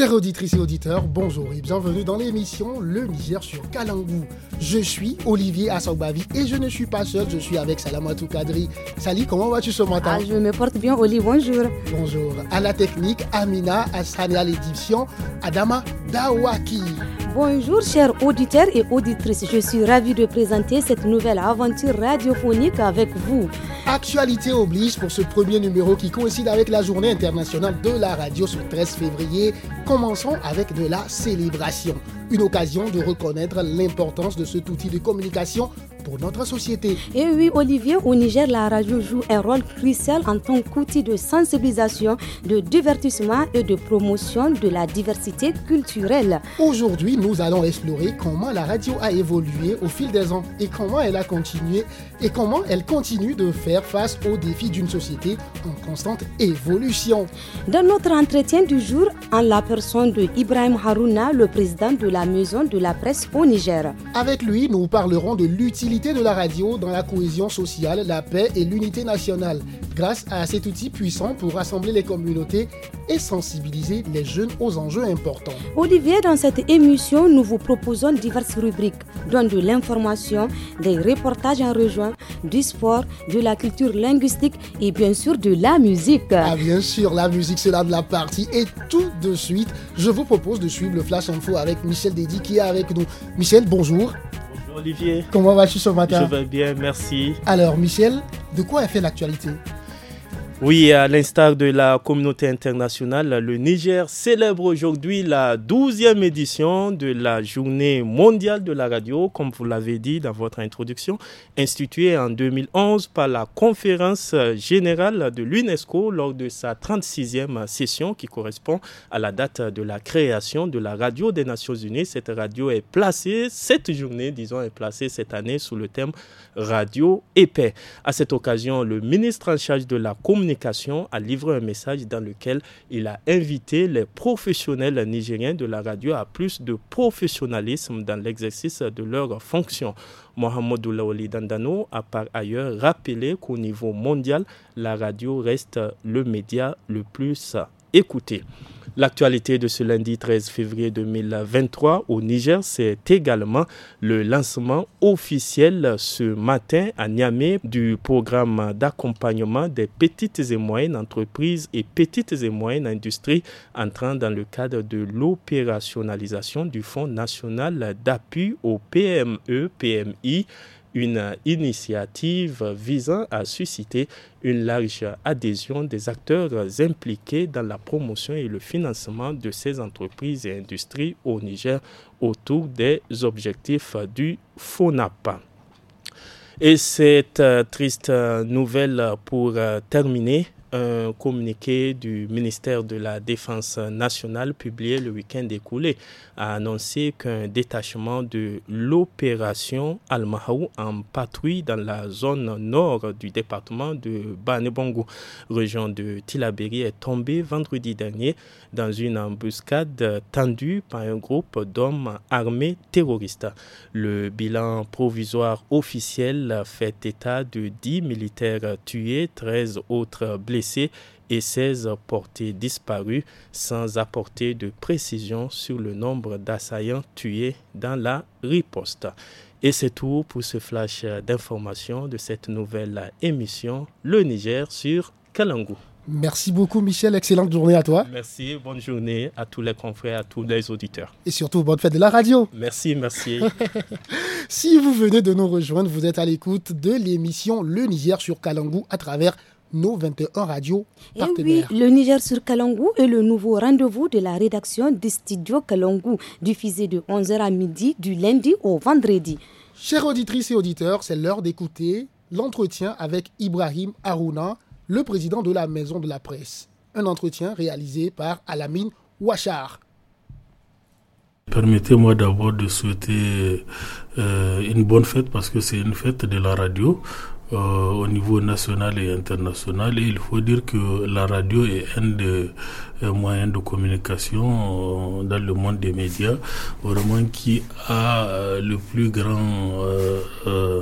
Chers auditrices et auditeurs, bonjour et bienvenue dans l'émission Le Niger sur Kalangou. Je suis Olivier Assaoubavi et je ne suis pas seul, je suis avec Salamatou Kadri. Salut, comment vas-tu ce matin ah, Je me porte bien, Oli, bonjour. Bonjour. À la technique, Amina Assania l'édition, Adama Dawaki. Bonjour chers auditeurs et auditrices, je suis ravie de présenter cette nouvelle aventure radiophonique avec vous. Actualité oblige pour ce premier numéro qui coïncide avec la journée internationale de la radio ce 13 février Commençons avec de la célébration, une occasion de reconnaître l'importance de cet outil de communication pour notre société. Et eh oui, Olivier, au Niger, la radio joue un rôle crucial en tant qu'outil de sensibilisation, de divertissement et de promotion de la diversité culturelle. Aujourd'hui, nous allons explorer comment la radio a évolué au fil des ans et comment elle a continué et comment elle continue de faire face aux défis d'une société en constante évolution. Dans notre entretien du jour, en la de Ibrahim Harouna, le président de la Maison de la Presse au Niger. Avec lui, nous parlerons de l'utilité de la radio dans la cohésion sociale, la paix et l'unité nationale, grâce à cet outil puissant pour rassembler les communautés et sensibiliser les jeunes aux enjeux importants. Olivier, dans cette émission, nous vous proposons diverses rubriques, dont de l'information, des reportages en rejoint, du sport, de la culture linguistique et bien sûr de la musique. Ah bien sûr, la musique, c'est de la partie. Et tout de suite, je vous propose de suivre le Flash Info avec Michel Dédi qui est avec nous. Michel, bonjour. Bonjour Olivier. Comment vas-tu ce matin Je vais bien, merci. Alors Michel, de quoi est fait l'actualité oui, à l'instar de la communauté internationale, le Niger célèbre aujourd'hui la 12e édition de la journée mondiale de la radio, comme vous l'avez dit dans votre introduction, instituée en 2011 par la conférence générale de l'UNESCO lors de sa 36e session qui correspond à la date de la création de la radio des Nations Unies. Cette radio est placée, cette journée, disons, est placée cette année sous le thème Radio épais. À cette occasion, le ministre en charge de la communauté communication a livré un message dans lequel il a invité les professionnels nigériens de la radio à plus de professionnalisme dans l'exercice de leurs fonctions. Mohamed Oulaoli Dandano a par ailleurs rappelé qu'au niveau mondial, la radio reste le média le plus Écoutez L'actualité de ce lundi 13 février 2023 au Niger, c'est également le lancement officiel ce matin à Niamey du programme d'accompagnement des petites et moyennes entreprises et petites et moyennes industries entrant dans le cadre de l'opérationnalisation du Fonds national d'appui aux PME, PMI une initiative visant à susciter une large adhésion des acteurs impliqués dans la promotion et le financement de ces entreprises et industries au Niger autour des objectifs du FONAP. Et cette euh, triste euh, nouvelle pour euh, terminer, un communiqué du ministère de la Défense nationale publié le week-end écoulé a annoncé qu'un détachement de l'opération Al-Mahou en patrouille dans la zone nord du département de Banebongo, région de Tilaberi, est tombé vendredi dernier dans une embuscade tendue par un groupe d'hommes armés terroristes. Le bilan provisoire officiel fait état de 10 militaires tués, 13 autres blessés et 16 portés disparus sans apporter de précision sur le nombre d'assaillants tués dans la riposte. Et c'est tout pour ce flash d'information de cette nouvelle émission Le Niger sur Kalangou. Merci beaucoup Michel, excellente journée à toi. Merci, bonne journée à tous les confrères, à tous les auditeurs. Et surtout, bonne fête de la radio. Merci, merci. si vous venez de nous rejoindre, vous êtes à l'écoute de l'émission Le Niger sur Kalangou à travers nos 21 radios eh partenaires. oui, le Niger sur Kalangou est le nouveau rendez-vous de la rédaction du studio Kalangou, diffusé de 11h à midi du lundi au vendredi. Chers auditrices et auditeurs, c'est l'heure d'écouter l'entretien avec Ibrahim Aruna, le président de la Maison de la Presse. Un entretien réalisé par Alamine Ouachar. Permettez-moi d'abord de souhaiter euh, une bonne fête parce que c'est une fête de la radio. Euh, au niveau national et international. Et il faut dire que la radio est un des euh, moyens de communication euh, dans le monde des médias, vraiment qui a le plus grand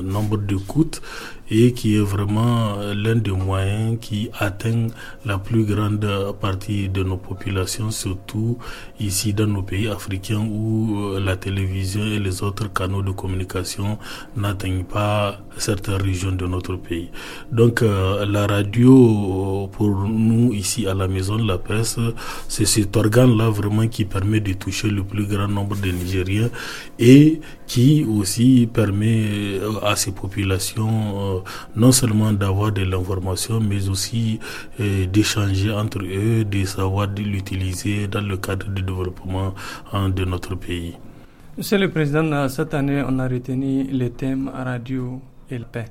nombre d'écoutes et qui est vraiment euh, l'un des moyens qui atteint la plus grande partie de nos populations, surtout ici dans nos pays africains où euh, la télévision et les autres canaux de communication n'atteignent pas certaines régions de notre pays. Donc euh, la radio pour nous ici à la maison de la presse, c'est cet organe-là vraiment qui permet de toucher le plus grand nombre de Nigériens et qui aussi permet à ces populations non seulement d'avoir de l'information, mais aussi euh, d'échanger entre eux, de savoir l'utiliser dans le cadre du développement hein, de notre pays. Monsieur le Président, euh, cette année, on a retenu le thème radio et la paix.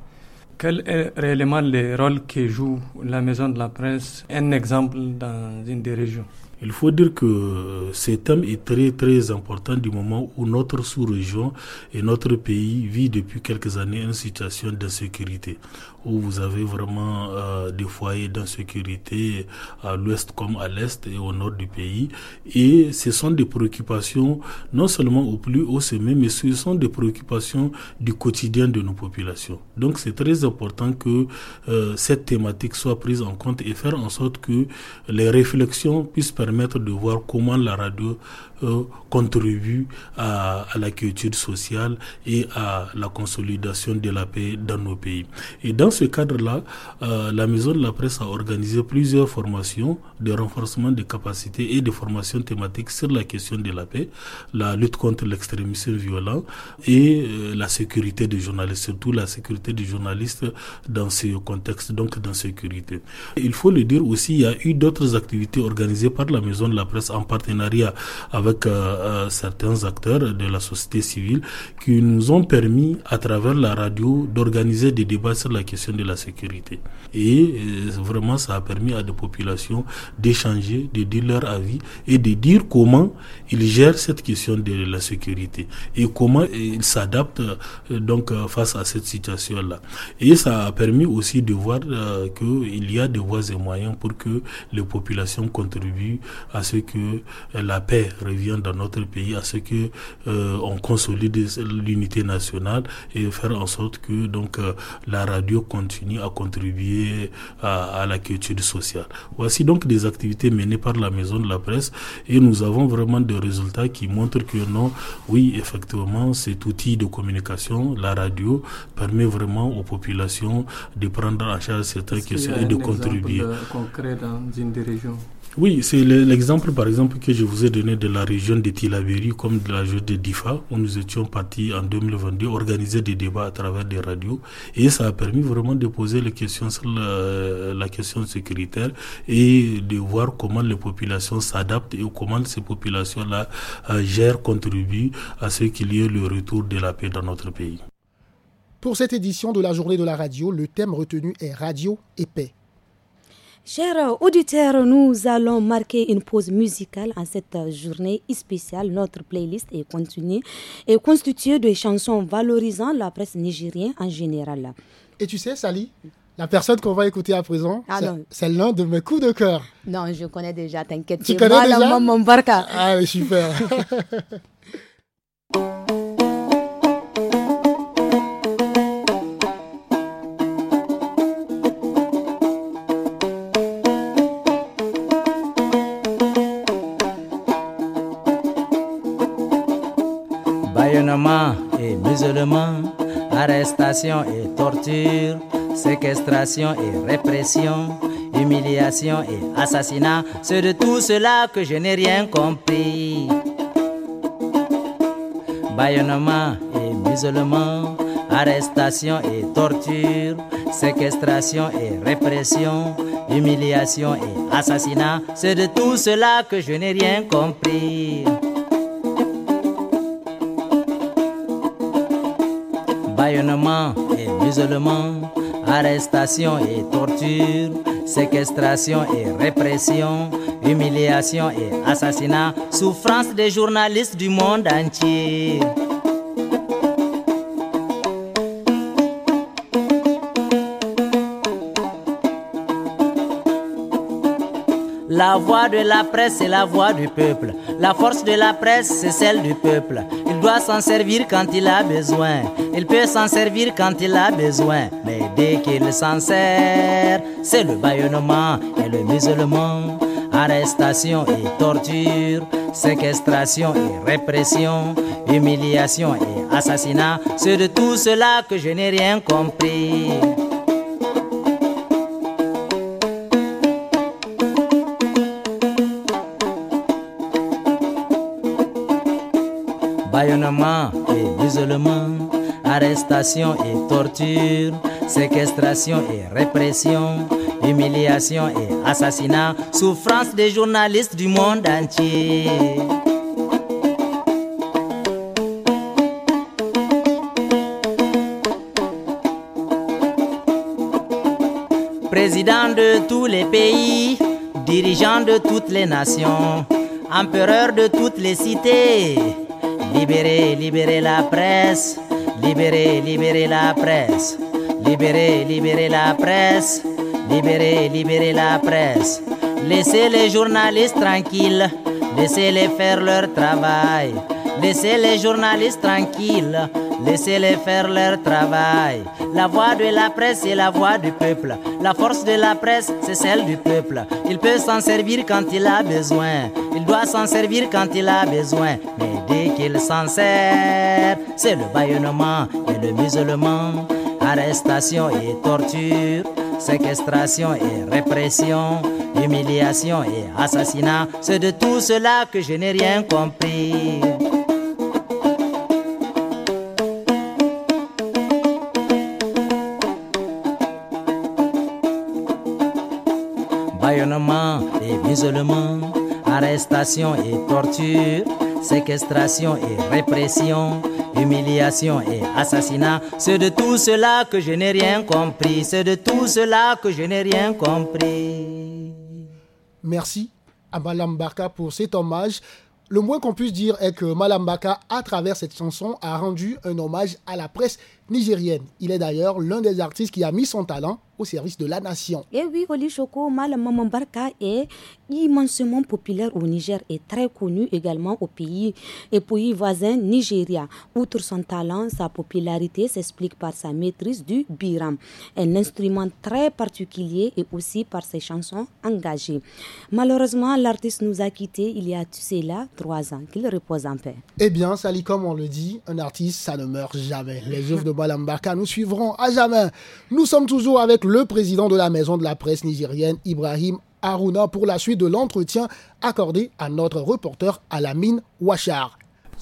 Quel est réellement le rôle que joue la maison de la presse, un exemple dans une des régions il faut dire que ce thème est très très important du moment où notre sous-région et notre pays vit depuis quelques années une situation d'insécurité où vous avez vraiment euh, des foyers d'insécurité à l'ouest comme à l'est et au nord du pays. Et ce sont des préoccupations non seulement au plus haut sommet, mais ce sont des préoccupations du quotidien de nos populations. Donc c'est très important que euh, cette thématique soit prise en compte et faire en sorte que les réflexions puissent permettre de voir comment la radio euh, contribue à, à, la culture sociale et à la consolidation de la paix dans nos pays. Et dans ce cadre-là, euh, la Maison de la Presse a organisé plusieurs formations de renforcement des capacités et de formations thématiques sur la question de la paix, la lutte contre l'extrémisme violent et euh, la sécurité des journalistes, surtout la sécurité des journalistes dans ce contexte donc d'insécurité. Il faut le dire aussi, il y a eu d'autres activités organisées par la Maison de la Presse en partenariat avec avec euh, euh, certains acteurs de la société civile qui nous ont permis à travers la radio d'organiser des débats sur la question de la sécurité. Et euh, vraiment, ça a permis à des populations d'échanger, de dire leur avis et de dire comment ils gèrent cette question de la sécurité et comment ils s'adaptent donc face à cette situation-là. Et ça a permis aussi de voir que qu'il y a des voies et moyens pour que les populations contribuent à ce que la paix vient dans notre pays à ce que euh, on consolide l'unité nationale et faire en sorte que donc euh, la radio continue à contribuer à, la culture sociale. Voici donc des activités menées par la maison de la presse et nous avons vraiment des résultats qui montrent que non, oui effectivement cet outil de communication, la radio, permet vraiment aux populations de prendre en charge certaines questions et de contribuer. concret dans une des régions. Oui, c'est l'exemple, par exemple, que je vous ai donné de la région de Tilabéry, comme de la région de Difa, où nous étions partis en 2022 organiser des débats à travers des radios. Et ça a permis vraiment de poser les questions sur la, la question sécuritaire et de voir comment les populations s'adaptent et comment ces populations-là euh, gèrent, contribuent à ce qu'il y ait le retour de la paix dans notre pays. Pour cette édition de la journée de la radio, le thème retenu est radio et paix. Chers auditeurs, nous allons marquer une pause musicale en cette journée spéciale. Notre playlist est, continue, et constituée de chansons valorisant la presse nigérienne en général. Et tu sais, Sally, la personne qu'on va écouter à présent, ah c'est l'un de mes coups de cœur. Non, je connais déjà, t'inquiète. Tu connais déjà la maman Barca. Ah, super. arrestation et torture, séquestration et répression, humiliation et assassinat. C'est de tout cela que je n'ai rien compris. Bayonnement et musulman, arrestation et torture, séquestration et répression, humiliation et assassinat. C'est de tout cela que je n'ai rien compris. musulmans, arrestation et torture, séquestration et répression, humiliation et assassinat, souffrance des journalistes du monde entier. La voix de la presse, c'est la voix du peuple. La force de la presse, c'est celle du peuple. Il doit s'en servir quand il a besoin. Il peut s'en servir quand il a besoin. Mais dès qu'il s'en sert, c'est le baillonnement et le musulman. Arrestation et torture, séquestration et répression, humiliation et assassinat. C'est de tout cela que je n'ai rien compris. arrestation et torture, séquestration et répression, humiliation et assassinat, souffrance des journalistes du monde entier. Président de tous les pays, dirigeant de toutes les nations, empereur de toutes les cités, libérez, libérez la presse. Libérez, libérez la presse. Libérez, libérez la presse. Libérez, libérez la presse. Laissez les journalistes tranquilles. Laissez-les faire leur travail. Laissez les journalistes tranquilles. Laissez-les faire leur travail. La voix de la presse est la voix du peuple. La force de la presse, c'est celle du peuple. Il peut s'en servir quand il a besoin. Il doit s'en servir quand il a besoin. Mais dès qu'il s'en sert, c'est le baillonnement et le musulman. Arrestation et torture, séquestration et répression, humiliation et assassinat. C'est de tout cela que je n'ai rien compris. arrestation et torture, séquestration et répression, humiliation et assassinat. C'est de tout cela que je n'ai rien compris. C'est de tout cela que je n'ai rien compris. Merci à Madame Barca pour cet hommage. Le moins qu'on puisse dire est que Madame Baka, à travers cette chanson, a rendu un hommage à la presse nigérienne. Il est d'ailleurs l'un des artistes qui a mis son talent au service de la nation. Et eh oui, Oli Choko, Malam Barka est immensément populaire au Niger et très connu également au pays et pays voisin Nigeria. Outre son talent, sa popularité s'explique par sa maîtrise du biram, un instrument très particulier et aussi par ses chansons engagées. Malheureusement, l'artiste nous a quittés il y a, tu là, trois ans. Qu'il repose en paix. Eh bien, Sally, comme on le dit, un artiste, ça ne meurt jamais. Les œuvres de nous suivrons à jamais. Nous sommes toujours avec le président de la maison de la presse nigérienne, Ibrahim Aruna, pour la suite de l'entretien accordé à notre reporter Alamine Ouachar.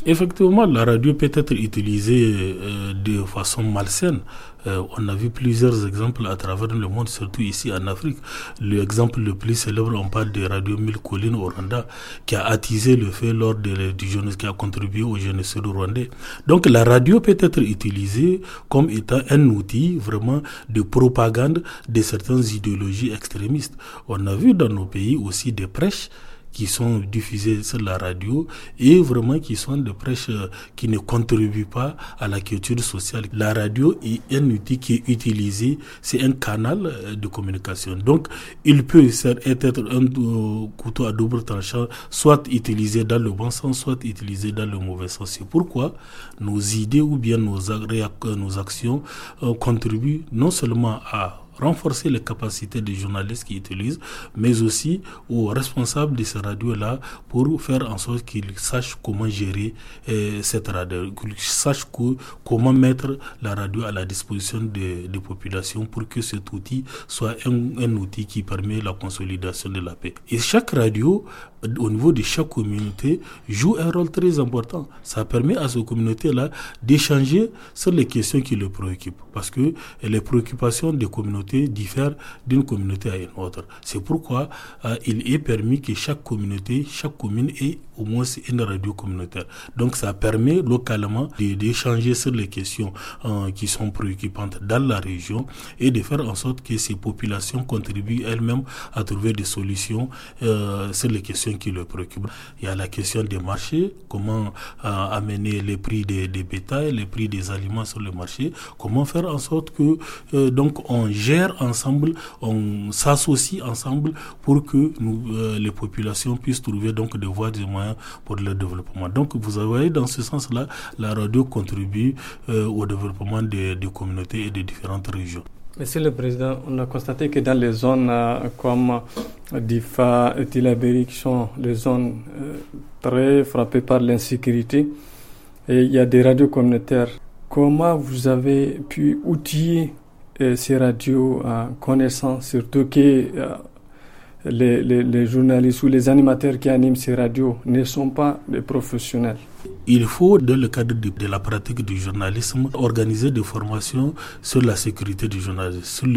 Effectivement, la radio peut être utilisée euh, de façon malsaine. Euh, on a vu plusieurs exemples à travers le monde, surtout ici en Afrique. L'exemple le plus célèbre, on parle de Radio Mille Collines au Rwanda, qui a attisé le feu lors de, du qui a contribué au génocide rwandais. Donc la radio peut être utilisée comme étant un outil vraiment de propagande de certaines idéologies extrémistes. On a vu dans nos pays aussi des prêches qui sont diffusés sur la radio et vraiment qui sont des prêches euh, qui ne contribuent pas à la culture sociale. La radio est un outil qui est utilisé, c'est un canal euh, de communication. Donc, il peut être un euh, couteau à double tranchant, soit utilisé dans le bon sens, soit utilisé dans le mauvais sens. C'est pourquoi nos idées ou bien nos, nos actions contribuent non seulement à renforcer les capacités des journalistes qui utilisent, mais aussi aux responsables de ces radios-là pour faire en sorte qu'ils sachent comment gérer euh, cette radio, qu'ils sachent comment mettre la radio à la disposition des, populations pour que cet outil soit un outil qui permet la consolidation de la paix. Et chaque radio au niveau de chaque communauté joue un rôle très important. Ça permet à ces communautés-là d'échanger sur les questions qui les préoccupent. Parce que les préoccupations des communautés diffèrent d'une communauté à une autre. C'est pourquoi euh, il est permis que chaque communauté, chaque commune ait au moins une radio communautaire. Donc ça permet localement d'échanger sur les questions euh, qui sont préoccupantes dans la région et de faire en sorte que ces populations contribuent elles-mêmes à trouver des solutions euh, sur les questions qui le préoccupent. Il y a la question des marchés, comment euh, amener les prix des, bétails, les prix des aliments sur le marché, comment faire en sorte que euh, donc on gère ensemble, on s'associe ensemble pour que euh, les populations puissent trouver donc des voies, des moyens pour le développement. Donc vous voyez dans ce sens-là, la radio contribue au développement des communautés et des différentes régions. Monsieur le Président, on a constaté que dans les zones euh, comme euh, Difa et Tilaberi, qui sont les zones euh, très frappées par l'insécurité, et il y a des radios communautaires. Comment vous avez pu outiller ces radios en connaissant, surtout que les journalistes ou les animateurs qui animent ces radios ne sont pas des professionnels il faut, dans le cadre de, la pratique du journalisme, organiser des formations sur la sécurité du journalisme, sur le,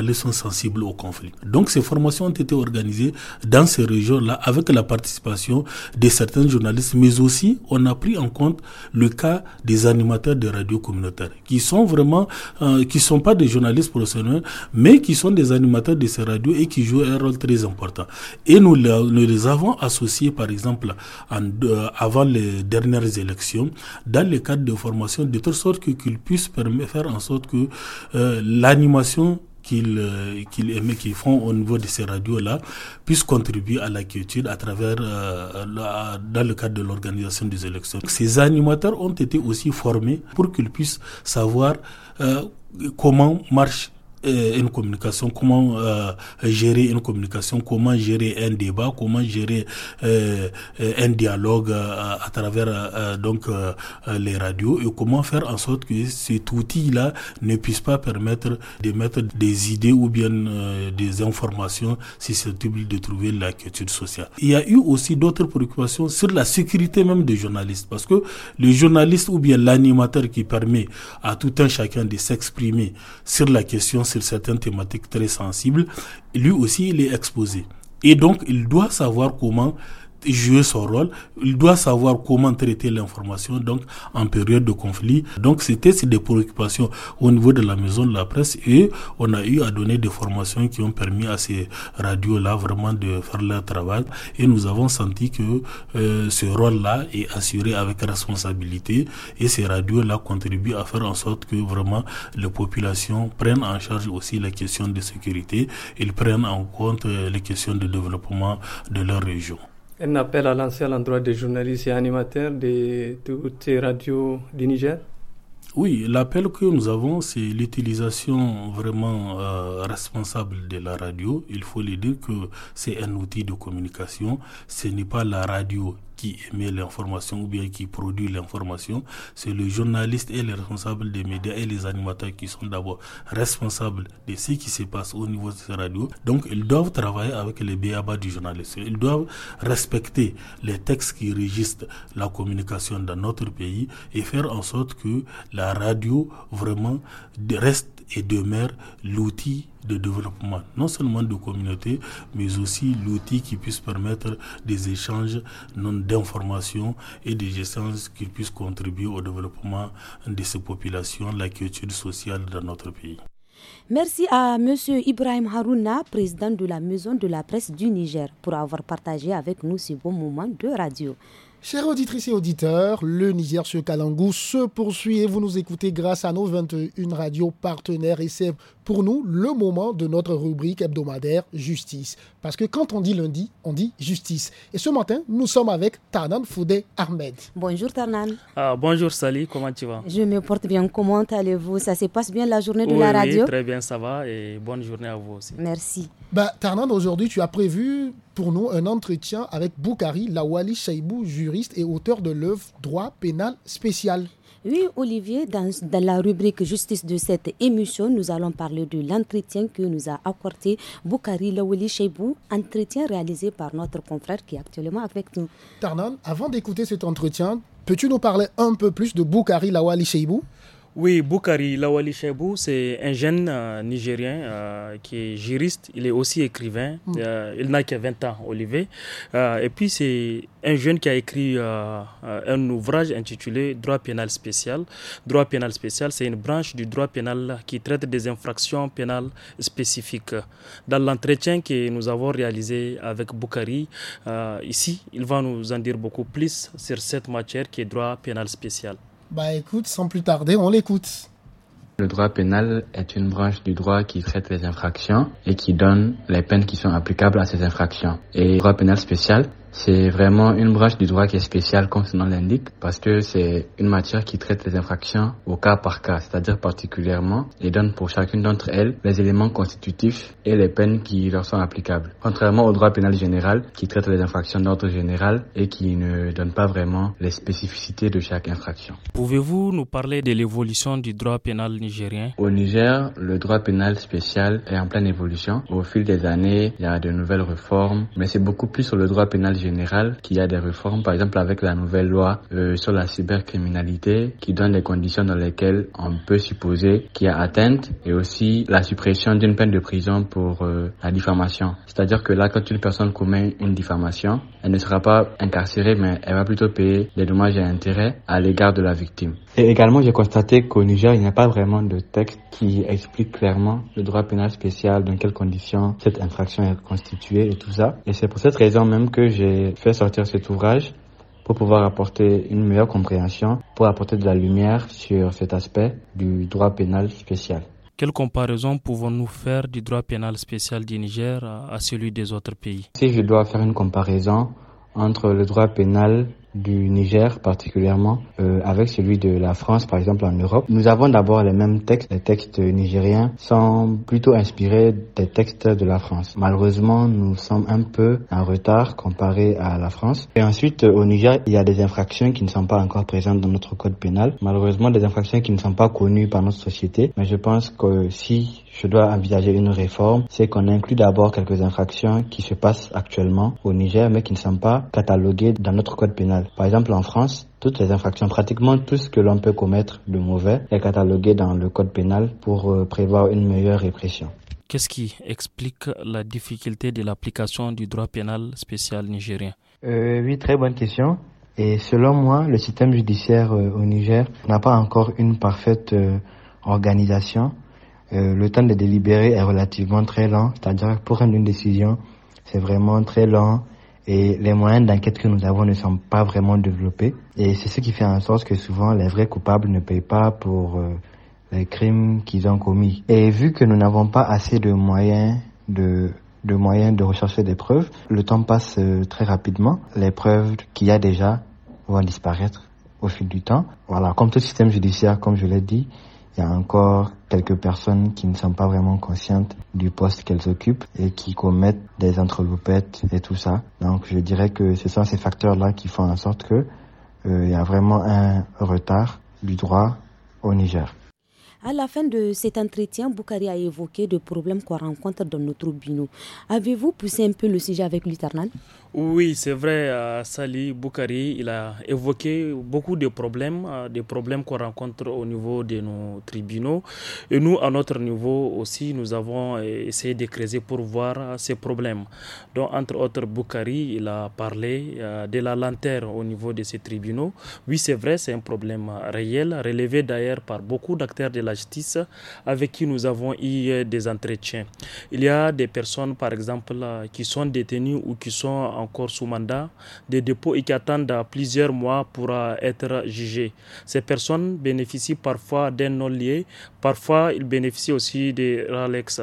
le sensibles sensible au conflit. Donc ces formations ont été organisées dans ces régions-là avec la participation de certains journalistes, mais aussi on a pris en compte le cas des animateurs de radio communautaire, qui sont vraiment, euh, qui sont pas des journalistes professionnels, mais qui sont des animateurs de ces radios et qui jouent un rôle très important. Et nous, les avons associés, par exemple, euh, avant les dernières élections dans le cadre de formation, de telle sorte qu'ils puissent faire en sorte que euh, l'animation qu'ils euh, font au niveau de ces radios-là puisse contribuer à la quiétude à travers, euh, dans le cadre de l'organisation des élections. Ces animateurs ont été aussi formés pour qu'ils puissent savoir comment marche euh, une communication, comment euh, gérer une communication, comment gérer un débat, comment gérer euh, un dialogue à travers donc les radios et comment faire en sorte que cet outil-là ne puisse pas permettre de mettre des idées ou bien des informations susceptibles de trouver la sociale. Il y a eu aussi d'autres préoccupations sur la sécurité même des journalistes parce que le journaliste ou bien l'animateur qui permet à tout un chacun de s'exprimer sur la question sur certaines thématiques très sensibles, lui aussi il est exposé. Et donc il doit savoir comment jouer son rôle, il doit savoir comment traiter l'information donc en période de conflit. Donc c'était des préoccupations au niveau de la maison de la presse et on a eu à donner des formations qui ont permis à ces radios-là vraiment de faire leur travail et nous avons senti que euh, ce rôle-là est assuré avec responsabilité et ces radios-là contribuent à faire en sorte que vraiment les populations prennent en charge aussi les questions de sécurité, ils prennent en compte euh, les questions de développement de leur région un appel à lancer à l'endroit des journalistes et animateurs de toutes ces radios du Niger Oui, l'appel que nous avons, c'est l'utilisation vraiment euh, responsable de la radio. Il faut le dire que c'est un outil de communication. Ce n'est pas la radio qui émet l'information ou bien qui produit l'information. C'est le journaliste et les responsables des médias et les animateurs qui sont d'abord responsables de ce qui se passe au niveau de ces radios. Donc, ils doivent travailler avec les BABA du journaliste. Ils doivent respecter les textes qui régissent la communication dans notre pays et faire en sorte que la radio vraiment reste et demeure l'outil de développement, non seulement de communautés, mais aussi l'outil qui puisse permettre des échanges d'informations et des essences qui puissent contribuer au développement de ces populations, la culture sociale dans notre pays. Merci à M. Ibrahim Harouna, président de la Maison de la Presse du Niger, pour avoir partagé avec nous ce bon moment de radio. Chers auditrices et auditeurs, le Niger sur Kalangou se poursuit et vous nous écoutez grâce à nos 21 radios partenaires et c'est pour nous le moment de notre rubrique hebdomadaire justice. Parce que quand on dit lundi, on dit justice. Et ce matin, nous sommes avec Tarnan Foudé Ahmed. Bonjour Tarnan. Ah, bonjour Sali, comment tu vas Je me porte bien, comment allez-vous Ça se passe bien la journée de la radio oui, Très bien, ça va et bonne journée à vous aussi. Merci. Bah, Tarnan, aujourd'hui tu as prévu pour nous un entretien avec Boukari Lawali Saibou, juriste et auteur de l'œuvre Droit pénal spécial. Oui, Olivier, dans, la rubrique justice de cette émission, nous allons parler de l'entretien que nous a accordé Boukari Lawali Cheibou, entretien réalisé par notre confrère qui est actuellement avec nous. Tarnan, avant d'écouter cet entretien, peux-tu nous parler un peu plus de Boukari Lawali Cheibou oui, Boukari Lawali c'est un jeune euh, Nigérien euh, qui est juriste, il est aussi écrivain, mm. euh, il n'a que 20 ans, Olivier. et puis c'est un jeune qui a écrit un ouvrage intitulé Droit pénal spécial. Droit pénal spécial, c'est une branche du droit pénal qui traite des infractions pénales spécifiques. Dans l'entretien que nous avons réalisé avec Boukari, ici, il va nous en dire beaucoup plus sur cette matière qui est droit pénal spécial. Bah écoute, sans plus tarder, on l'écoute. Le droit pénal est une branche du droit qui traite les infractions et qui donne les peines qui sont applicables à ces infractions. Et le droit pénal spécial c'est vraiment une branche du droit qui est spéciale, comme son nom l'indique, parce que c'est une matière qui traite les infractions au cas par cas, c'est-à-dire particulièrement, et donne pour chacune d'entre elles les éléments constitutifs et les peines qui leur sont applicables. Contrairement au droit pénal général, qui traite les infractions d'ordre général et qui ne donne pas vraiment les spécificités de chaque infraction. Pouvez-vous nous parler de l'évolution du droit pénal nigérien Au Niger, le droit pénal spécial est en pleine évolution. Au fil des années, il y a de nouvelles réformes, mais c'est beaucoup plus sur le droit pénal général qu'il y a des réformes, par exemple avec la nouvelle loi euh, sur la cybercriminalité qui donne les conditions dans lesquelles on peut supposer qu'il y a atteinte et aussi la suppression d'une peine de prison pour euh, la diffamation. C'est-à-dire que là, quand une personne commet une diffamation, elle ne sera pas incarcérée, mais elle va plutôt payer des dommages et intérêts à l'égard de la victime. Et également, j'ai constaté qu'au Niger, il n'y a pas vraiment de texte qui explique clairement le droit pénal spécial, dans quelles conditions cette infraction est constituée et tout ça. Et c'est pour cette raison même que j'ai fait sortir cet ouvrage pour pouvoir apporter une meilleure compréhension, pour apporter de la lumière sur cet aspect du droit pénal spécial. Quelle comparaison pouvons-nous faire du droit pénal spécial du Niger à celui des autres pays Si je dois faire une comparaison entre le droit pénal du Niger particulièrement euh, avec celui de la France par exemple en Europe. Nous avons d'abord les mêmes textes, les textes nigériens sont plutôt inspirés des textes de la France. Malheureusement, nous sommes un peu en retard comparé à la France. Et ensuite, au Niger, il y a des infractions qui ne sont pas encore présentes dans notre code pénal. Malheureusement, des infractions qui ne sont pas connues par notre société. Mais je pense que si je dois envisager une réforme, c'est qu'on inclut d'abord quelques infractions qui se passent actuellement au Niger mais qui ne sont pas cataloguées dans notre code pénal. Par exemple, en France, toutes les infractions, pratiquement tout ce que l'on peut commettre de mauvais est catalogué dans le code pénal pour euh, prévoir une meilleure répression. Qu'est-ce qui explique la difficulté de l'application du droit pénal spécial nigérien euh, Oui, très bonne question. Et selon moi, le système judiciaire euh, au Niger n'a pas encore une parfaite organisation euh, le temps de délibérer est relativement très lent, c'est-à-dire pour prendre une décision, c'est vraiment très lent et les moyens d'enquête que nous avons ne sont pas vraiment développés. Et c'est ce qui fait en sorte que souvent les vrais coupables ne payent pas pour euh, les crimes qu'ils ont commis. Et vu que nous n'avons pas assez de moyens de de moyens de rechercher des preuves, le temps passe euh, très rapidement. Les preuves qu'il y a déjà vont disparaître au fil du temps. Voilà, comme tout système judiciaire, comme je l'ai dit, il y a encore quelques personnes qui ne sont pas vraiment conscientes du poste qu'elles occupent et qui commettent des entreloupettes et tout ça. Donc je dirais que ce sont ces facteurs-là qui font en sorte que euh, il y a vraiment un retard du droit au Niger. À la fin de cet entretien, Boukari a évoqué des problèmes qu'on rencontre dans nos tribunaux. Avez-vous poussé un peu le sujet avec l'Utarnal? Oui, c'est vrai, euh, Sali Boukari, il a évoqué beaucoup de problèmes, euh, des problèmes qu'on rencontre au niveau de nos tribunaux. Et nous, à notre niveau aussi, nous avons euh, essayé de creuser pour voir ces problèmes. Donc, entre autres, Boukari, il a parlé de la lanterne au niveau de ces tribunaux. Oui, c'est vrai, c'est un problème réel, relevé d'ailleurs par beaucoup d'acteurs de la justice avec qui nous avons eu euh, des entretiens. Il y a des personnes, par exemple, euh, qui sont détenues ou qui sont encore sous mandat des dépôts et qui attendent plusieurs mois pour euh, être jugées. Ces personnes bénéficient parfois d'un non-lié, parfois ils bénéficient aussi de RALEX.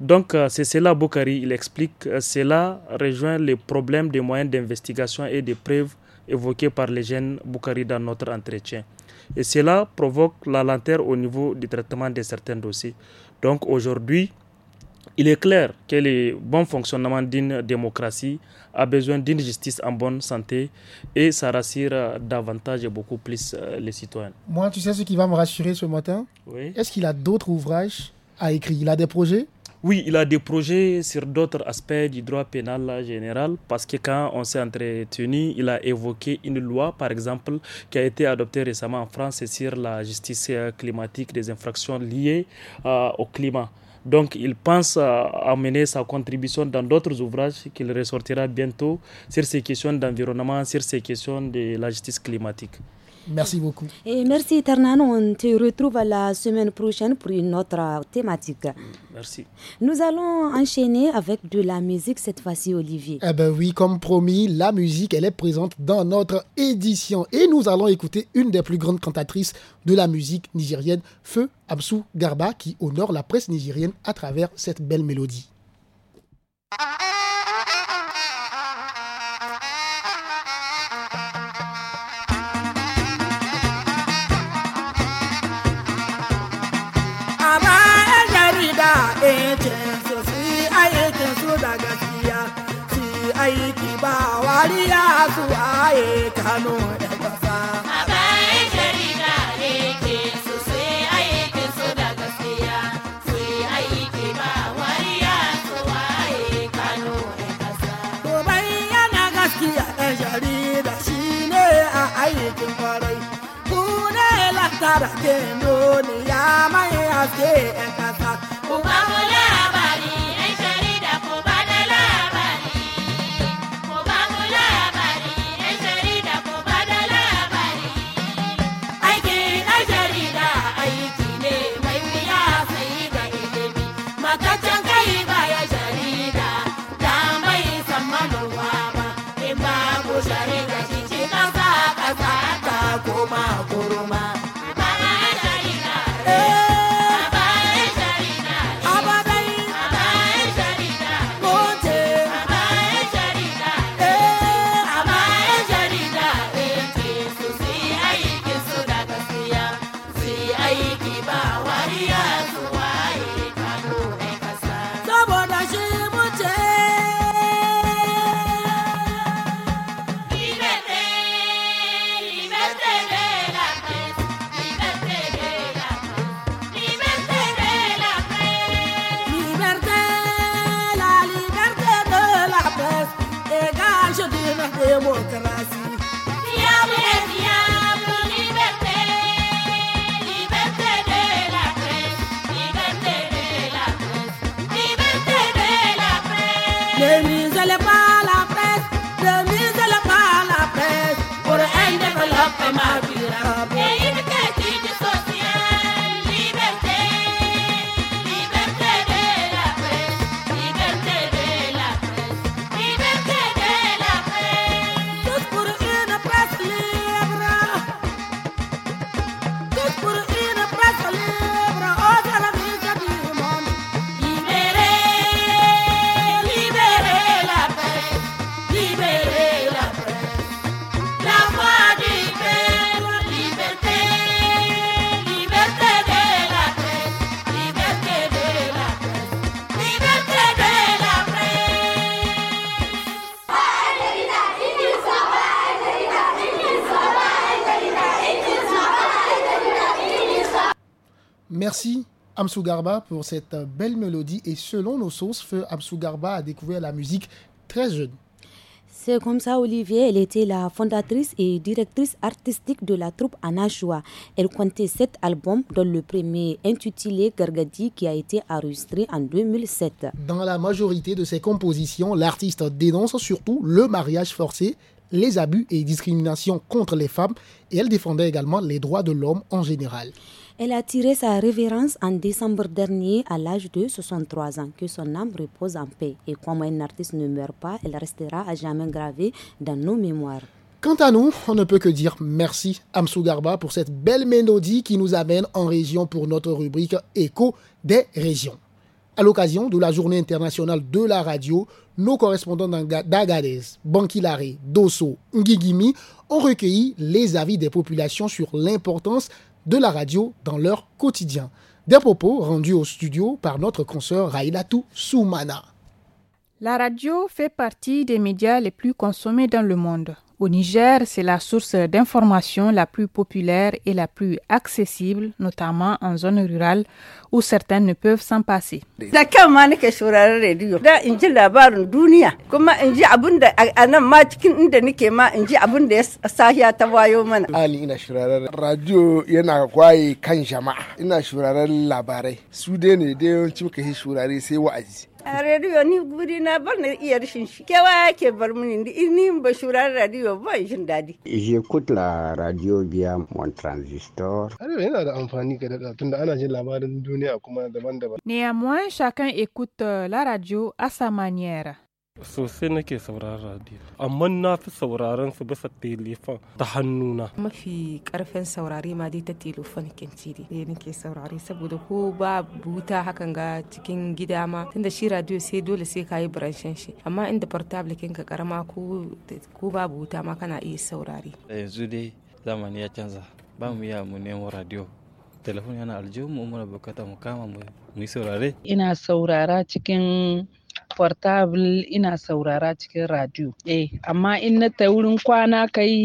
Donc, c'est cela, Bokari, il explique, cela rejoint les problèmes des moyens d'investigation et des preuves évoqués par les jeunes Boukari dans notre entretien. Et cela provoque la lenteur au niveau du traitement de certains dossiers. Donc aujourd'hui, il est clair que le bon fonctionnement d'une démocratie a besoin d'une justice en bonne santé et ça rassure davantage et beaucoup plus euh, les citoyens. Moi, tu sais ce qui va me rassurer ce matin oui. Est-ce qu'il a d'autres ouvrages à écrire Il a des projets oui, il a des projets sur d'autres aspects du droit pénal général parce que quand on s'est entretenu, il a évoqué une loi, par exemple, qui a été adoptée récemment en France sur la justice euh, climatique des infractions liées euh, au climat. Donc, il pense amener euh, sa contribution dans d'autres ouvrages qu'il ressortira bientôt sur ces questions d'environnement, sur ces questions de la justice climatique. Merci beaucoup. Et merci Ternano. On te retrouve la semaine prochaine pour une autre thématique. Merci. Nous allons enchaîner avec de la musique cette fois-ci, Olivier. Eh ben oui, comme promis, la musique, elle est présente dans notre édition. Et nous allons écouter une des plus grandes cantatrices de la musique nigérienne, Feu Absou Garba, qui honore la presse nigérienne à travers cette belle mélodie. aiki ba wariya kano da kasa. A bayan ke su sai aikin su da gaskiya, su aiki kano da kasa. Domin yana gaskiya ɗan jarida shi ne a aikin kwarai. Kune lantarki ya mai ake 'yan kuka Ku labari Hey, Absou pour cette euh, belle mélodie et selon nos sources, Feu Absougarba a découvert la musique très jeune. C'est comme ça, Olivier. Elle était la fondatrice et directrice artistique de la troupe Anashua. Elle comptait sept albums, dont le premier intitulé Gargadi, qui a été enregistré en 2007. Dans la majorité de ses compositions, l'artiste dénonce surtout le mariage forcé, les abus et discriminations contre les femmes, et elle défendait également les droits de l'homme en général. Elle a tiré sa révérence en décembre dernier à l'âge de 63 ans. Que son âme repose en paix. Et comme un artiste ne meurt pas, elle restera à jamais gravée dans nos mémoires. Quant à nous, on ne peut que dire merci à Garba pour cette belle mélodie qui nous amène en région pour notre rubrique Écho des régions. À l'occasion de la journée internationale de la radio, nos correspondants d'Agadez, Banquilare, Dosso, Ngigimi ont recueilli les avis des populations sur l'importance de la radio dans leur quotidien. Des propos rendus au studio par notre consoeur Railatou Soumana. La radio fait partie des médias les plus consommés dans le monde. Au Niger, c'est la source d'information la plus populaire et la plus accessible, notamment en zone rurale où certaines ne peuvent s'en passer. Da kan ma nake sauraron da in labarin duniya, kuma in ji abin a nan ma cikin inda nake ma in ji abin da sahiya ta wayo mana. Ali ina sauraron radio yana kwaye kan jama'a, ina sauraron labarai. Su dai dai yawanci muka yi saurare sai wa'azi radio ni guri na bar na iya rashin shi kewa yake bar mini ni ba shurar radio ba jin dadi je kutla radio biya mon transistor radio yana da amfani ga dada tunda ana jin labarin duniya kuma daban-daban néanmoins chacun écoute euh, la radio à sa manière sosai nake sauraron radio amma na fi sauraron su bisa telefon ta hannuna mafi karfin saurare ma dai ta telefon kinci ne ne nake saurare saboda ko ba buta hakan ga cikin gida ma tunda shi radio sai dole sai kayi branshen shi amma inda portable ka karama ko ba buta ma kana iya saurare yanzu dai zamani ya canza ba mu iya mu nemo radio telefon yana aljihun mu muna bukata mu kama mu yi saurare ina saurara cikin portable ina saurara cikin radio eh amma in na ta wurin kwana kai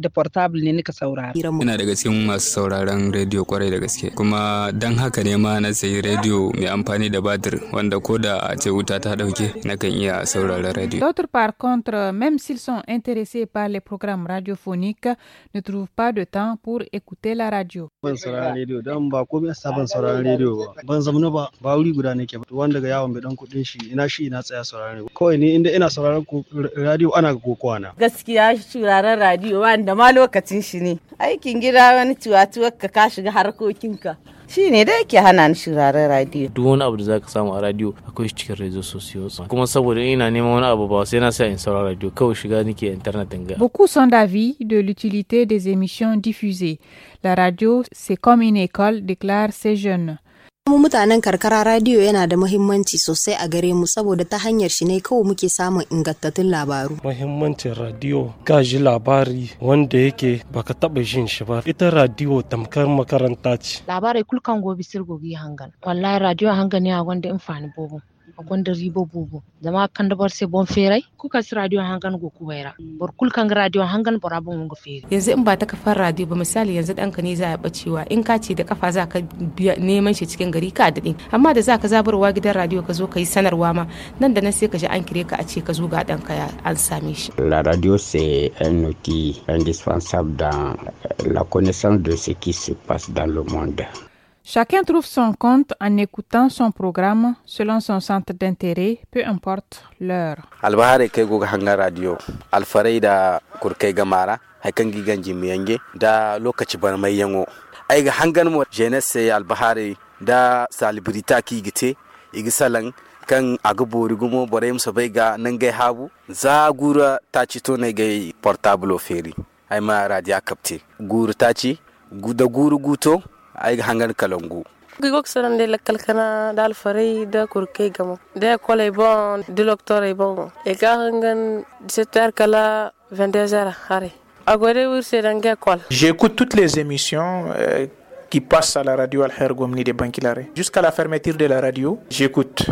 da portable ne nika saurara. Ina daga cikin masu sauraron rediyo kwarai da gaske. Kuma dan haka ne ma na sayi rediyo mai amfani da batir wanda ko da a ce wuta ta dauke nakan iya sauraron rediyo. D'autres par contre, même s'ils sont intéressés par les programmes radiophoniques, ne trouvent pas de temps pour écouter la radio. Ban sauraron rediyo dan ba komai yasa ban sauraron rediyo ba. Ban zamana ba ba wuri guda nake ba. Wanda ga yawon bai dan kudin shi ina shi ina tsaya sauraron. Kawai ni inda ina sauraron radio ana ga kokowa na. Gaskiya sauraron radio wanda da ma lokacin shi ne aikin gida wani tuwatuwar ka ka shiga harkokinka shi ne da yake hana ni shiraren radio duk wani abu da zaka samu a radio akwai shi cikin rezo sosiyo kuma saboda ina neman wani abu ba sai na sa in saurara kawai shiga nake internet ga beaucoup sont d'avis de l'utilité des émissions diffusées la radio c'est comme une école déclare ces jeunes mu mutanen karkara radiyo yana da muhimmanci sosai a gare mu saboda ta hanyar shi ne kawai muke samun ingantattun labaru. Muhimmancin radiyo ka labari wanda yake baka taba jin shi ba. Ita radiyo tamkar makaranta ce. Labarai kulkan gobe sir gobe Wallahi radiyo hangal ne a wanda in fani bobo. a gonda ribo bubu zama kanda bar se bon ferai kuka si radio hangan go kubaira bor kul kan radio hangan bor abun wongo feri yanzu in ba ta kafar radio ba misali yanzu danka ne za ya bacewa in ka ce da kafa za ka neman shi cikin gari ka daɗe amma da za ka zabarwa gidan radio ka zo ka yi sanarwa ma nan da nan sai ka ji an kire ka a ce ka zo ga danka ya an same shi la radio c'est un outil indispensable dans la connaissance de ce qui se passe dans le monde Chacun trouve son compte en écoutant son programme selon son centre d'intérêt, peu importe l'heure. Albahare kai hanga radio, alfarai da gamara, Ganji miyenge da lokachi bar mai albahare da salibrita ki gite, igisalang kan aga gumo bore habu, zagura gura to ne portable feri. Ai ma radio kapti Guru tachi guto, ay hangan kalangu gigok sonan de lakkal kana dal faray da kurke gamo de kole bon de docteur e bon e ga hangan 17h kala 22h hari agore wurse dange kol j'écoute toutes les émissions euh, qui passent à la radio al hergomni de Bankilare jusqu'à la fermeture de la radio j'écoute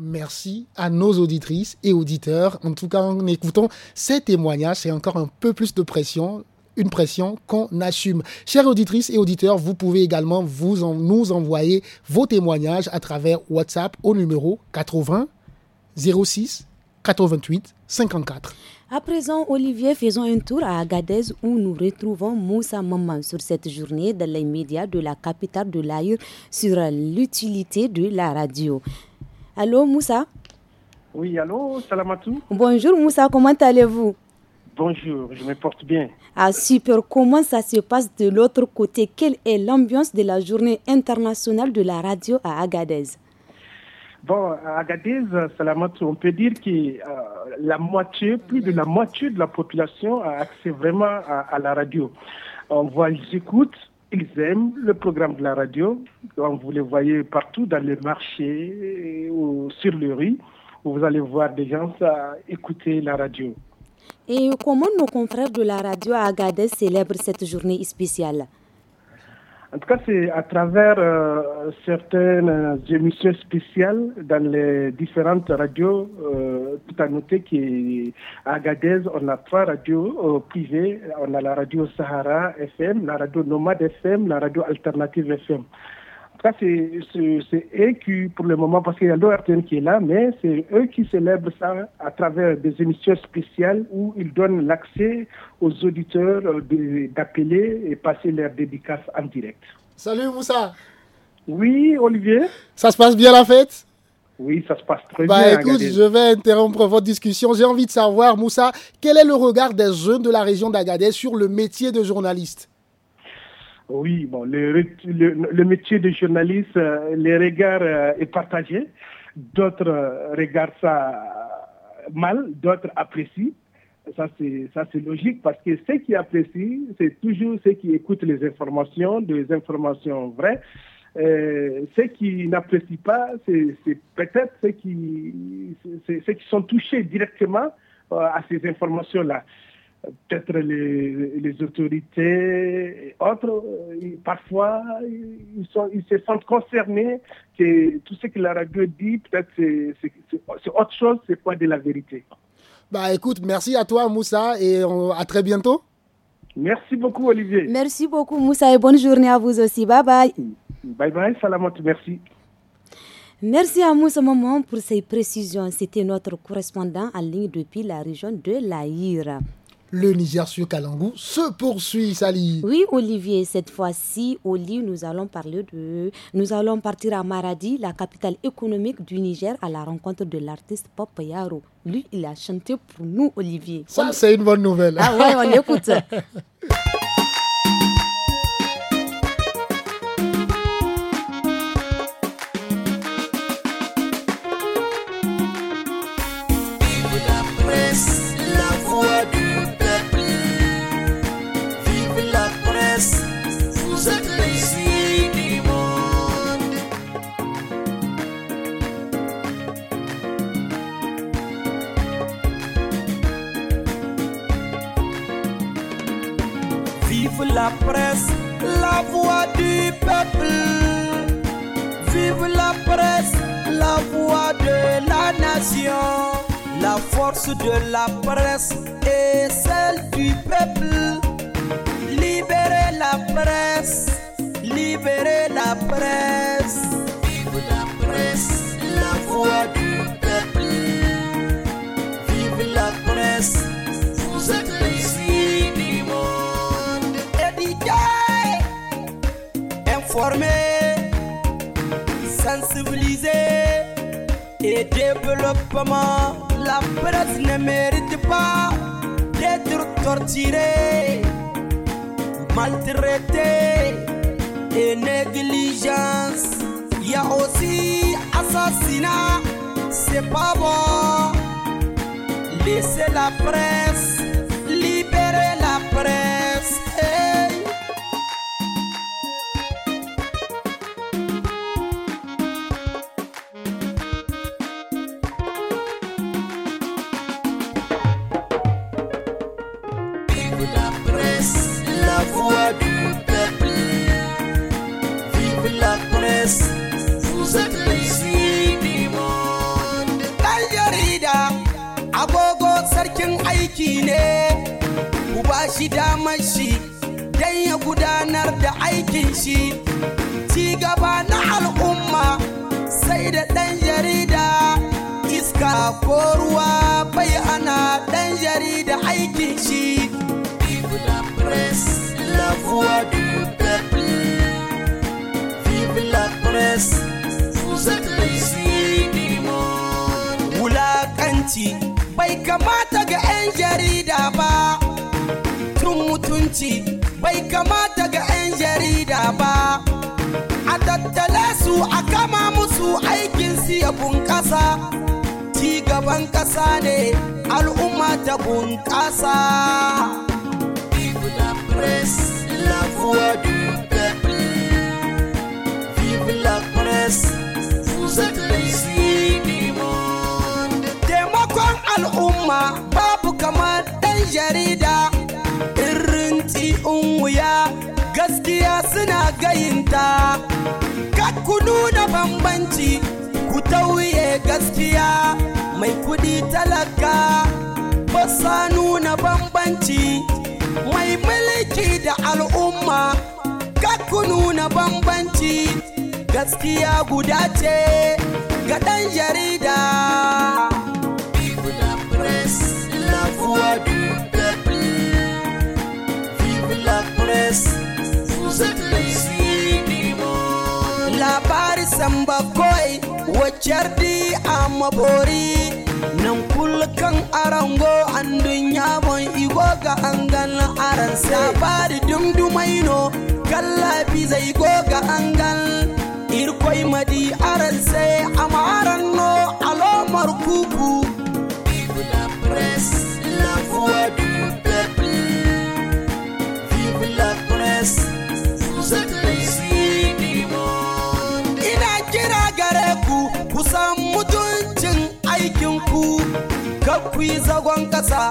Merci à nos auditrices et auditeurs. En tout cas, en écoutant ces témoignages, c'est encore un peu plus de pression une pression qu'on assume. Chères auditrices et auditeurs, vous pouvez également vous nous envoyer vos témoignages à travers WhatsApp au numéro 80 06 88 54. À présent, Olivier, faisons un tour à Agadez où nous retrouvons Moussa Maman sur cette journée dans les médias de la capitale de l'Aïr sur l'utilité de la radio. Allô, Moussa Oui, allô, salamatou. Bonjour, Moussa, comment allez-vous Bonjour, je me porte bien. Super. Comment ça se passe de l'autre côté Quelle est l'ambiance de la journée internationale de la radio à Agadez Bon, à Agadez, on peut dire que euh, la moitié, plus de la moitié de la population a accès vraiment à, la radio. On voit, ils écoutent, ils aiment le programme de la radio. Donc, vous les voyez partout dans les marchés ou sur le riz. où vous allez voir des gens à euh, écouter la radio. Et comment nos confrères de la radio Agadez célèbrent cette journée spéciale En tout cas, c'est à travers euh, certaines émissions spéciales dans les différentes radios. Euh, tout à noter qu'à Agadez, on a trois radios euh, privées. On a la radio Sahara FM, la radio Nomade FM, la radio Alternative FM. Ça, c'est eux qui, pour le moment, parce qu'il y a l'ORTN qui est là, mais c'est eux qui célèbrent ça à travers des émissions spéciales où ils donnent l'accès aux auditeurs euh, d'appeler et passer leurs dédicaces en direct. Salut Moussa Oui, Olivier Ça se passe bien la fête oui, ça se passe très bah, bien. Écoute, je vais interrompre votre discussion. J'ai envie de savoir, Moussa, quel est le regard des jeunes de la région d'Agadez sur le métier de journaliste oui, bon, le, métier de journaliste, euh, les regards euh, est partagé. D'autres euh, regardent ça mal, d'autres apprécient. Ça c'est, logique parce que ceux qui apprécient, c'est toujours ceux qui écoutent les informations, des informations vraies. ceux qui n'apprécient pas, c'est, peut-être ceux qui, ceux qui sont touchés directement à ces informations-là peut-être les, autorités et autres, euh, parfois, ils, se sentent concernés que tout ce que la dit, peut-être c'est autre chose, c'est pas de la vérité. Bah écoute, merci à toi Moussa et à très bientôt. Merci beaucoup Olivier. Merci beaucoup Moussa et bonne journée à vous aussi. Bye bye. Bye bye, salamat, merci. Merci à Moussa Maman pour ces précisions. C'était notre correspondant en ligne depuis la région de l'Aïra. Le Niger sur Kalangou se poursuit, Sali. Oui, Olivier, cette fois-ci, au nous allons parler de. Nous allons partir à Maradi, la capitale économique du Niger, à la rencontre de l'artiste Pop Yaro. Lui, il a chanté pour nous, Olivier. Ça, c'est une bonne nouvelle. Ah ouais, on écoute. la presse ne mérite pas d'être torturée, maltraitée et négligence. Il y a aussi assassinat, c'est pas bon. Laissez la presse bashi shi damar shi don ya gudanar da aikin shi ci gaba na al'umma sai da ɗan jarida iska ko ruwa bai ana ɗan jarida aikin shi Wulakanci bai kamata ga 'yan jarida ba. batun mutunci bai kamata ga 'yan jarida ba a tattale su a kama musu aikin siya bunƙasa ci gaban ƙasa ne al'umma ta bunƙasa Vive la la la Taimakon al'umma babu kamar ɗan jarida. wuya gaskiya suna gayinta ku nuna bambanci ku tauye gaskiya mai kudi talaka ba sa nuna bambanci mai mulki da al'umma ku nuna bambanci gaskiya guda ce ga ɗan jarida lamba koi wacardi a mabori nan kulkan arango an dunya bon igo ga an gan aran sabari dundumaino kallabi zai go ga an gan irkoi madi aran sai amaran yi zagon kasa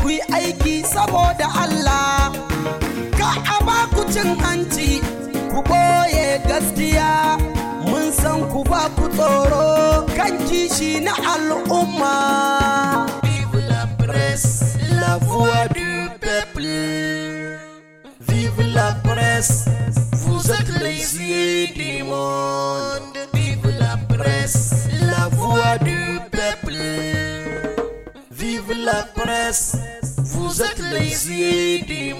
ku yi aiki saboda Allah ka a ba ku cin hanci ku ɓoye gaskiya mun san ku ba ku tsoro kan kishi na al'umma Vive la presse, la voix du peuple. Vive la presse, vous êtes les yeux du monde. Vive la presse, la voix du peuple. la presse, vous êtes les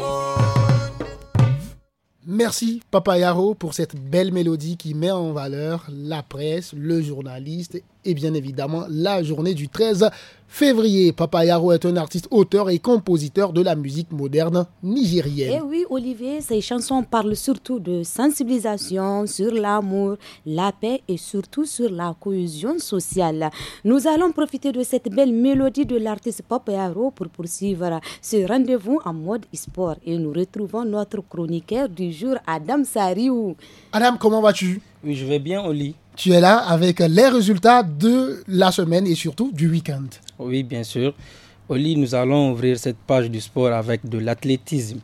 Merci Papa Yaro pour cette belle mélodie qui met en valeur la presse, le journaliste et bien évidemment la journée du 13 Février, Papayaro est un artiste auteur et compositeur de la musique moderne nigérienne. Et eh oui, Olivier, ses chansons parlent surtout de sensibilisation sur l'amour, la paix et surtout sur la cohésion sociale. Nous allons profiter de cette belle mélodie de l'artiste Papa pour poursuivre ce rendez-vous en mode sport et nous retrouvons notre chroniqueur du jour, Adam Sariou. Adam, comment vas-tu Oui, je vais bien, Oli. Tu es là avec les résultats de la semaine et surtout du week-end. Oui, bien sûr. Oli, nous allons ouvrir cette page du sport avec de l'athlétisme.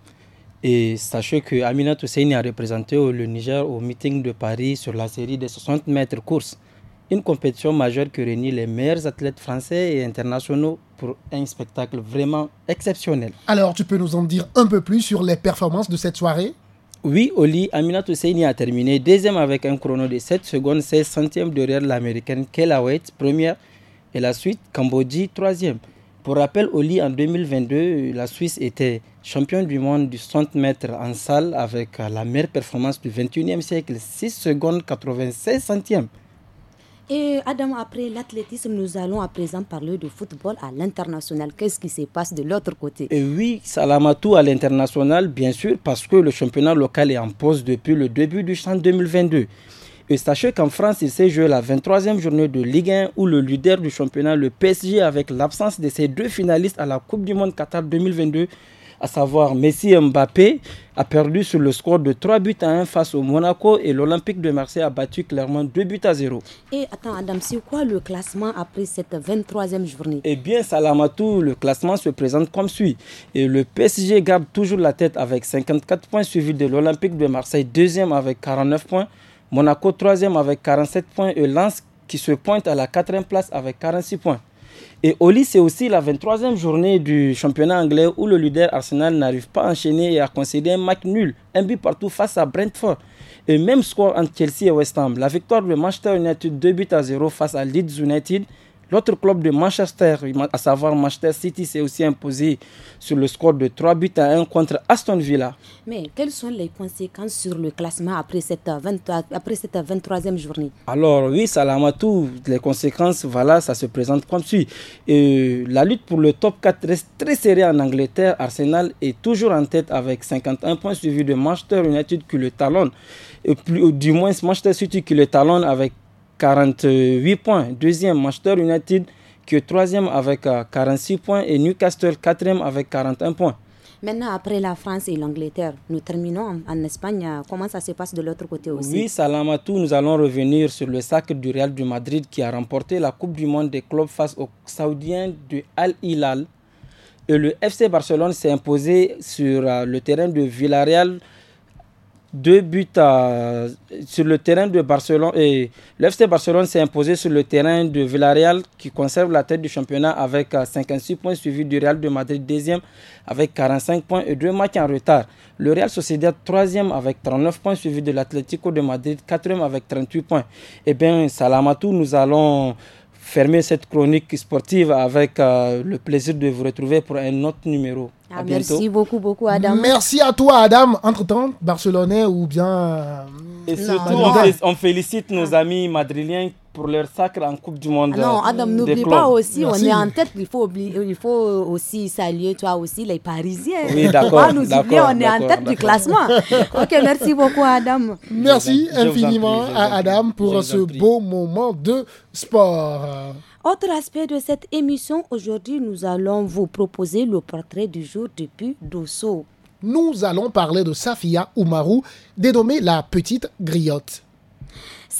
Et sachez que Amina Toussaini a représenté le Niger au meeting de Paris sur la série des 60 mètres course, une compétition majeure qui réunit les meilleurs athlètes français et internationaux pour un spectacle vraiment exceptionnel. Alors, tu peux nous en dire un peu plus sur les performances de cette soirée oui, Oli, Amina Toussaini a terminé deuxième avec un chrono de 7 secondes 16 centièmes derrière l'américaine Kayla première et la suite, Cambodge, troisième. Pour rappel, au lit en 2022, la Suisse était championne du monde du 100 mètres en salle avec la meilleure performance du 21e siècle, 6 secondes 96 centièmes. Et Adam, après l'athlétisme, nous allons à présent parler de football à l'international. Qu'est-ce qui se passe de l'autre côté oui, Salamatou à l'international, bien sûr, parce que le championnat local est en pause depuis le début du champ 2022. Et sachez qu'en France, il s'est joué la 23e journée de Ligue 1 où le leader du championnat, le PSG, avec l'absence de ses deux finalistes à la Coupe du Monde Qatar 2022, à savoir Messi et Mbappé, a perdu sur le score de 3 buts à 1 face au Monaco et l'Olympique de Marseille a battu clairement 2 buts à 0. Et attends Adam, c'est quoi le classement après cette 23e journée Eh bien Salamatou, le classement se présente comme suit. Et le PSG garde toujours la tête avec 54 points suivi de l'Olympique de Marseille deuxième avec 49 points. Monaco troisième e avec 47 points et Lens qui se pointe à la quatrième place avec 46 points. Et Oli, c'est aussi la 23e journée du championnat anglais où le leader Arsenal n'arrive pas à enchaîner et à concéder un match nul, un but partout face à Brentford. Et même score entre Chelsea et West Ham. La victoire de Manchester United 2 buts à 0 face à Leeds United L'autre club de Manchester, à savoir Manchester City, s'est aussi imposé sur le score de 3 buts à 1 contre Aston Villa. Mais quelles sont les conséquences sur le classement après cette, 23, e journée Alors oui, Salamatou, les conséquences, voilà, ça se présente comme suit. Euh, la lutte pour le top 4 reste très serrée en Angleterre. Arsenal est toujours en tête avec 51 points suivi de Manchester United qui le talonne. Et euh, du moins Manchester City qui le talonne avec 48 points. Deuxième, Manchester United qui est troisième avec 46 euh, points et Newcastle quatrième avec 41 points. Maintenant, après la France et l'Angleterre, nous terminons en Espagne. Euh, comment ça se passe de l'autre côté aussi Oui, Salamatou, nous allons revenir sur le sac du Real de Madrid qui a remporté la Coupe du Monde des clubs face aux Saoudiens de Al Hilal. Et le FC Barcelone s'est imposé sur euh, le terrain de Villarreal deux buts sur le terrain de Barcelone. Et l'FC Barcelone s'est imposé sur le terrain de Villarreal qui conserve la tête du championnat avec 56 euh, points, suivi du Real de Madrid deuxième avec 45 points et deux matchs en retard. Le Real Sociedad troisième avec 39 points, suivi de l'Atlético de Madrid quatrième avec 38 points. Eh bien, Salamatou, nous allons fermer cette chronique sportive avec euh, le plaisir de vous retrouver pour un autre numéro merci beaucoup, beaucoup, Adam. Merci à toi, Adam. Entre-temps, Barcelonais ou bien. Et euh, surtout, on félicite nos ah. amis madriliens pour leur sacre en Coupe du Monde. Ah non, euh, Adam, n'oublie pas aussi, on est en tête, il faut, oublier, il faut aussi saluer toi aussi, les Parisiens. Oui, d'accord. on est en tête du classement. ok, merci beaucoup, Adam. Merci infiniment à Adam pour ce beau moment de sport. Autre aspect de cette émission, aujourd'hui nous allons vous proposer le portrait du jour depuis Dosso. Nous allons parler de Safia Oumarou, dénommée la petite griotte.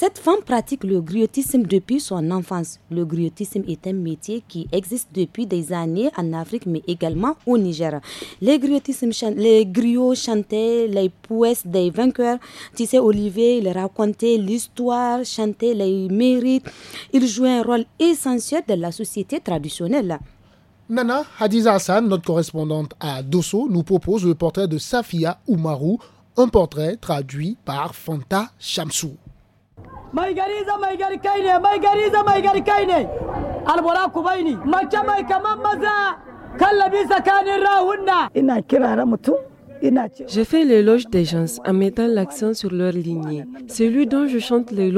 Cette femme pratique le griotisme depuis son enfance. Le griotisme est un métier qui existe depuis des années en Afrique, mais également au Niger. Les, les griots chantaient les prouesses des vainqueurs. Tissé Olivier, il racontait l'histoire, chantait les mérites. Il jouait un rôle essentiel de la société traditionnelle. Nana Hadiza Hassan, notre correspondante à Dosso, nous propose le portrait de Safia Oumarou, un portrait traduit par Fanta Shamsou. Je fais l'éloge des gens en mettant l'accent sur leur lignée. Celui dont je chante les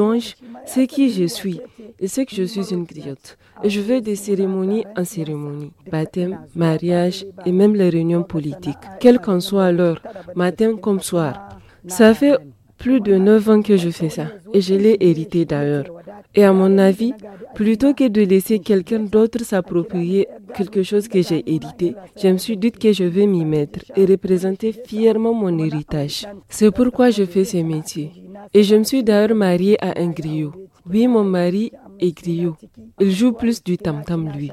c'est qui je suis et c'est que je suis une griotte. Et je vais des cérémonies en cérémonie, baptême, mariage et même les réunions politiques, Quel qu'en soit l'heure, matin comme soir. Ça fait plus de neuf ans que je fais ça, et je l'ai hérité d'ailleurs. Et à mon avis, plutôt que de laisser quelqu'un d'autre s'approprier quelque chose que j'ai hérité, je me suis dit que je vais m'y mettre et représenter fièrement mon héritage. C'est pourquoi je fais ce métier. Et je me suis d'ailleurs mariée à un griot. Oui, mon mari il joue plus du tam-tam, lui.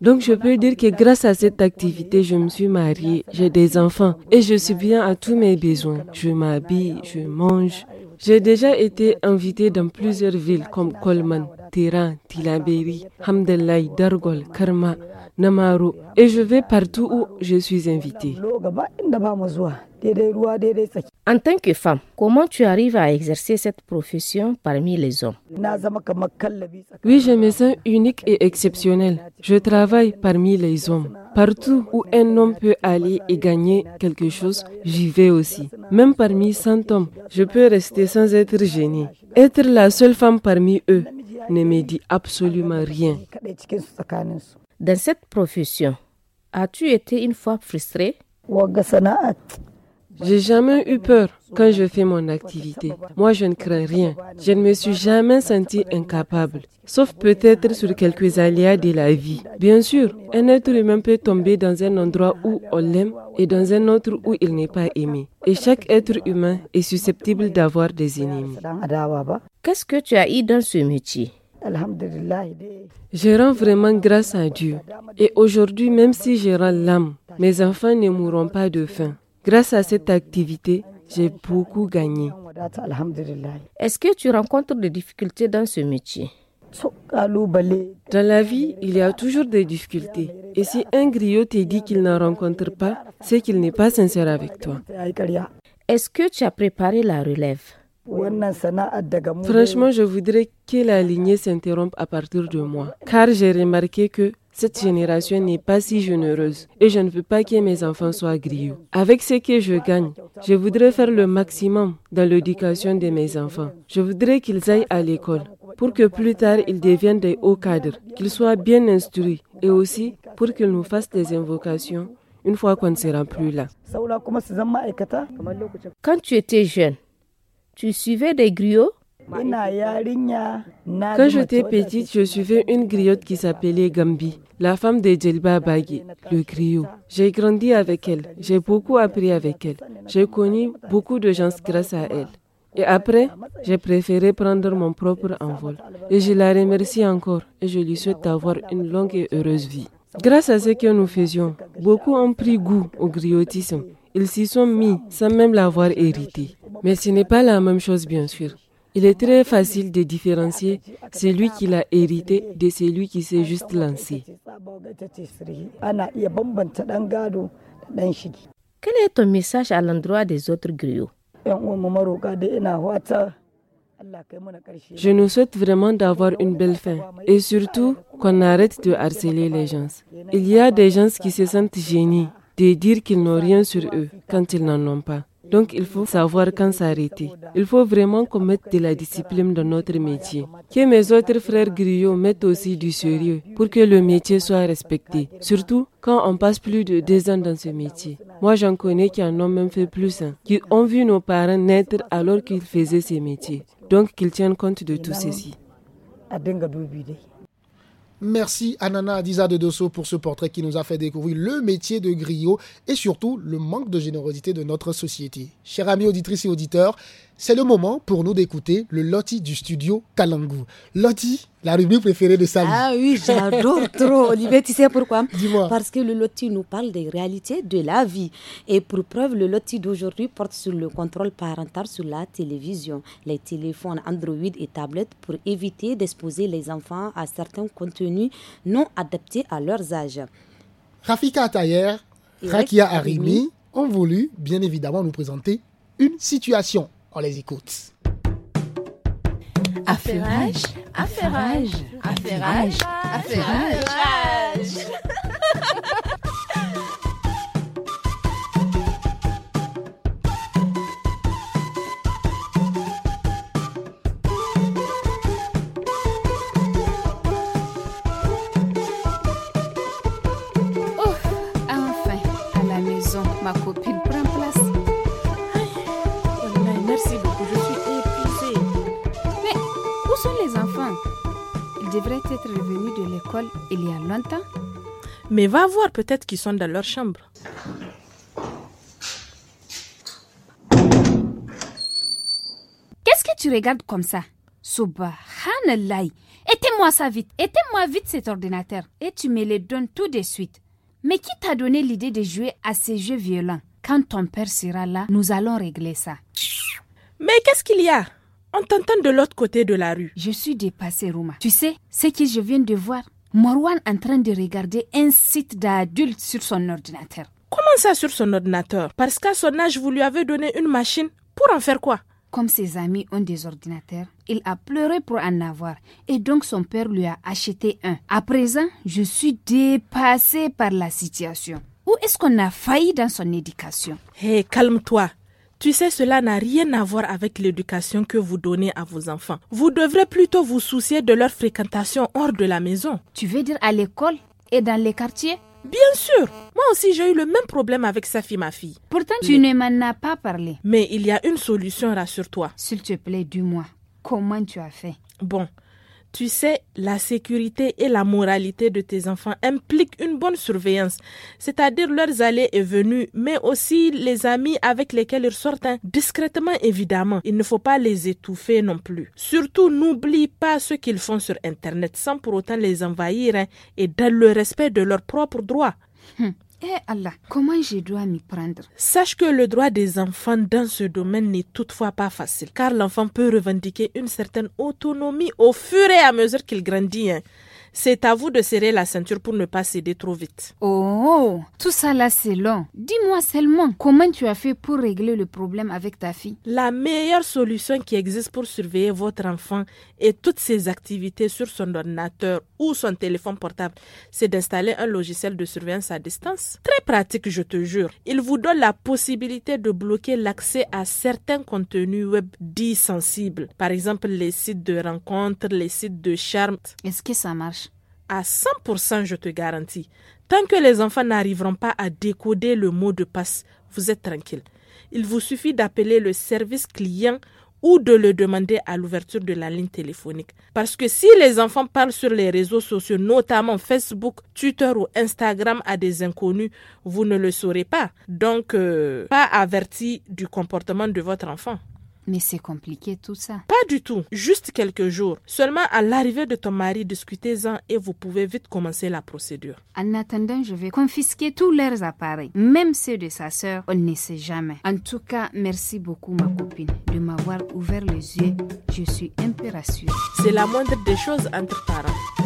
Donc je peux dire que grâce à cette activité, je me suis mariée, j'ai des enfants et je suis bien à tous mes besoins. Je m'habille, je mange. J'ai déjà été invitée dans plusieurs villes comme Colman, tiran Tilaberi, Hamdallah, Dargol, Karma. Namaru et je vais partout où je suis invitée. En tant que femme, comment tu arrives à exercer cette profession parmi les hommes Oui, je me sens unique et exceptionnelle. Je travaille parmi les hommes. Partout où un homme peut aller et gagner quelque chose, j'y vais aussi. Même parmi 100 hommes, je peux rester sans être gênée. Être la seule femme parmi eux ne me dit absolument rien. Dans cette profession, as-tu été une fois frustré j'ai jamais eu peur quand je fais mon activité. Moi, je ne crains rien. Je ne me suis jamais senti incapable, sauf peut-être sur quelques aléas de la vie. Bien sûr, un être humain peut tomber dans un endroit où on l'aime et dans un autre où il n'est pas aimé. Et chaque être humain est susceptible d'avoir des ennemis. Qu'est-ce que tu as eu dans ce métier je rends vraiment grâce à Dieu. Et aujourd'hui, même si je rends l'âme, mes enfants ne mourront pas de faim. Grâce à cette activité, j'ai beaucoup gagné. Est-ce que tu rencontres des difficultés dans ce métier Dans la vie, il y a toujours des difficultés. Et si un griot te dit qu'il n'en rencontre pas, c'est qu'il n'est pas sincère avec toi. Est-ce que tu as préparé la relève Franchement, je voudrais que la lignée s'interrompe à partir de moi, car j'ai remarqué que cette génération n'est pas si généreuse et je ne veux pas que mes enfants soient grillés. Avec ce que je gagne, je voudrais faire le maximum dans l'éducation de mes enfants. Je voudrais qu'ils aillent à l'école pour que plus tard ils deviennent des hauts cadres, qu'ils soient bien instruits et aussi pour qu'ils nous fassent des invocations une fois qu'on ne sera plus là. Quand tu étais jeune, tu suivais des griots quand j'étais petite, je suivais une griotte qui s'appelait Gambi, la femme de Djelba Bagui, le griot. J'ai grandi avec elle, j'ai beaucoup appris avec elle, j'ai connu beaucoup de gens grâce à elle. Et après, j'ai préféré prendre mon propre envol. Et je la remercie encore et je lui souhaite avoir une longue et heureuse vie. Grâce à ce que nous faisions, beaucoup ont pris goût au griotisme. Ils s'y sont mis sans même l'avoir hérité. Mais ce n'est pas la même chose, bien sûr. Il est très facile de différencier celui qui l'a hérité de celui qui s'est juste lancé. Quel est ton message à l'endroit des autres griots je nous souhaite vraiment d'avoir une belle fin et surtout qu'on arrête de harceler les gens. Il y a des gens qui se sentent génies de dire qu'ils n'ont rien sur eux quand ils n'en ont pas. Donc il faut savoir quand s'arrêter. Il faut vraiment qu'on mette de la discipline dans notre métier. Que mes autres frères griots mettent aussi du sérieux pour que le métier soit respecté. Surtout quand on passe plus de deux ans dans ce métier. Moi, j'en connais qui en ont même fait plus, un, qui ont vu nos parents naître alors qu'ils faisaient ce métier. Donc qu'ils tiennent compte de tout ceci. Merci à Nana Adiza de Dosso pour ce portrait qui nous a fait découvrir le métier de griot et surtout le manque de générosité de notre société. Chers amis auditrices et auditeurs, c'est le moment pour nous d'écouter le loti du studio Kalangu. Loti, la rubrique préférée de vie. Ah oui, j'adore trop, Olivier. Tu sais pourquoi Dis-moi. Parce que le loti nous parle des réalités de la vie. Et pour preuve, le loti d'aujourd'hui porte sur le contrôle parental sur la télévision, les téléphones Android et tablettes pour éviter d'exposer les enfants à certains contenus non adaptés à leur âge. Rafika Tayer, Rakia Arimi ont voulu bien évidemment nous présenter une situation on les écoute. Affairage, affairage, affairage, affairage. devraient être revenu de l'école il y a longtemps. Mais va voir peut-être qu'ils sont dans leur chambre. Qu'est-ce que tu regardes comme ça Subhanallah Éteins-moi ça vite Éteins-moi vite cet ordinateur Et tu me le donnes tout de suite Mais qui t'a donné l'idée de jouer à ces jeux violents Quand ton père sera là, nous allons régler ça. Mais qu'est-ce qu'il y a on t'entend de l'autre côté de la rue. Je suis dépassée, Rouma. Tu sais, ce que je viens de voir, Marwan en train de regarder un site d'adultes sur son ordinateur. Comment ça sur son ordinateur Parce qu'à son âge, vous lui avez donné une machine. Pour en faire quoi Comme ses amis ont des ordinateurs, il a pleuré pour en avoir. Et donc son père lui a acheté un. À présent, je suis dépassée par la situation. Où est-ce qu'on a failli dans son éducation Hé, calme-toi. Tu sais, cela n'a rien à voir avec l'éducation que vous donnez à vos enfants. Vous devrez plutôt vous soucier de leur fréquentation hors de la maison. Tu veux dire à l'école et dans les quartiers Bien sûr Moi aussi, j'ai eu le même problème avec Safi, ma fille. Pourtant, tu ne m'en as pas parlé. Mais il y a une solution, rassure-toi. S'il te plaît, dis-moi, comment tu as fait Bon, tu sais, la sécurité et la moralité de tes enfants impliquent une bonne surveillance, c'est-à-dire leurs allées et venues, mais aussi les amis avec lesquels ils sortent, hein. discrètement évidemment. Il ne faut pas les étouffer non plus. Surtout, n'oublie pas ce qu'ils font sur Internet sans pour autant les envahir hein, et dans le respect de leurs propres droits. Hum. Eh Allah, comment je dois m'y prendre Sache que le droit des enfants dans ce domaine n'est toutefois pas facile, car l'enfant peut revendiquer une certaine autonomie au fur et à mesure qu'il grandit. Hein. C'est à vous de serrer la ceinture pour ne pas céder trop vite. Oh, tout ça là c'est long. Dis-moi seulement comment tu as fait pour régler le problème avec ta fille. La meilleure solution qui existe pour surveiller votre enfant et toutes ses activités sur son ordinateur ou son téléphone portable, c'est d'installer un logiciel de surveillance à distance. Très pratique, je te jure. Il vous donne la possibilité de bloquer l'accès à certains contenus web dits sensibles. Par exemple, les sites de rencontres, les sites de charme. Est-ce que ça marche? À 100%, je te garantis. Tant que les enfants n'arriveront pas à décoder le mot de passe, vous êtes tranquille. Il vous suffit d'appeler le service client ou de le demander à l'ouverture de la ligne téléphonique. Parce que si les enfants parlent sur les réseaux sociaux, notamment Facebook, Twitter ou Instagram à des inconnus, vous ne le saurez pas. Donc, euh, pas averti du comportement de votre enfant. Mais c'est compliqué tout ça. Pas du tout, juste quelques jours. Seulement à l'arrivée de ton mari, discutez-en et vous pouvez vite commencer la procédure. En attendant, je vais confisquer tous leurs appareils, même ceux de sa sœur, on ne sait jamais. En tout cas, merci beaucoup ma copine de m'avoir ouvert les yeux. Je suis un peu rassurée. C'est la moindre des choses entre parents.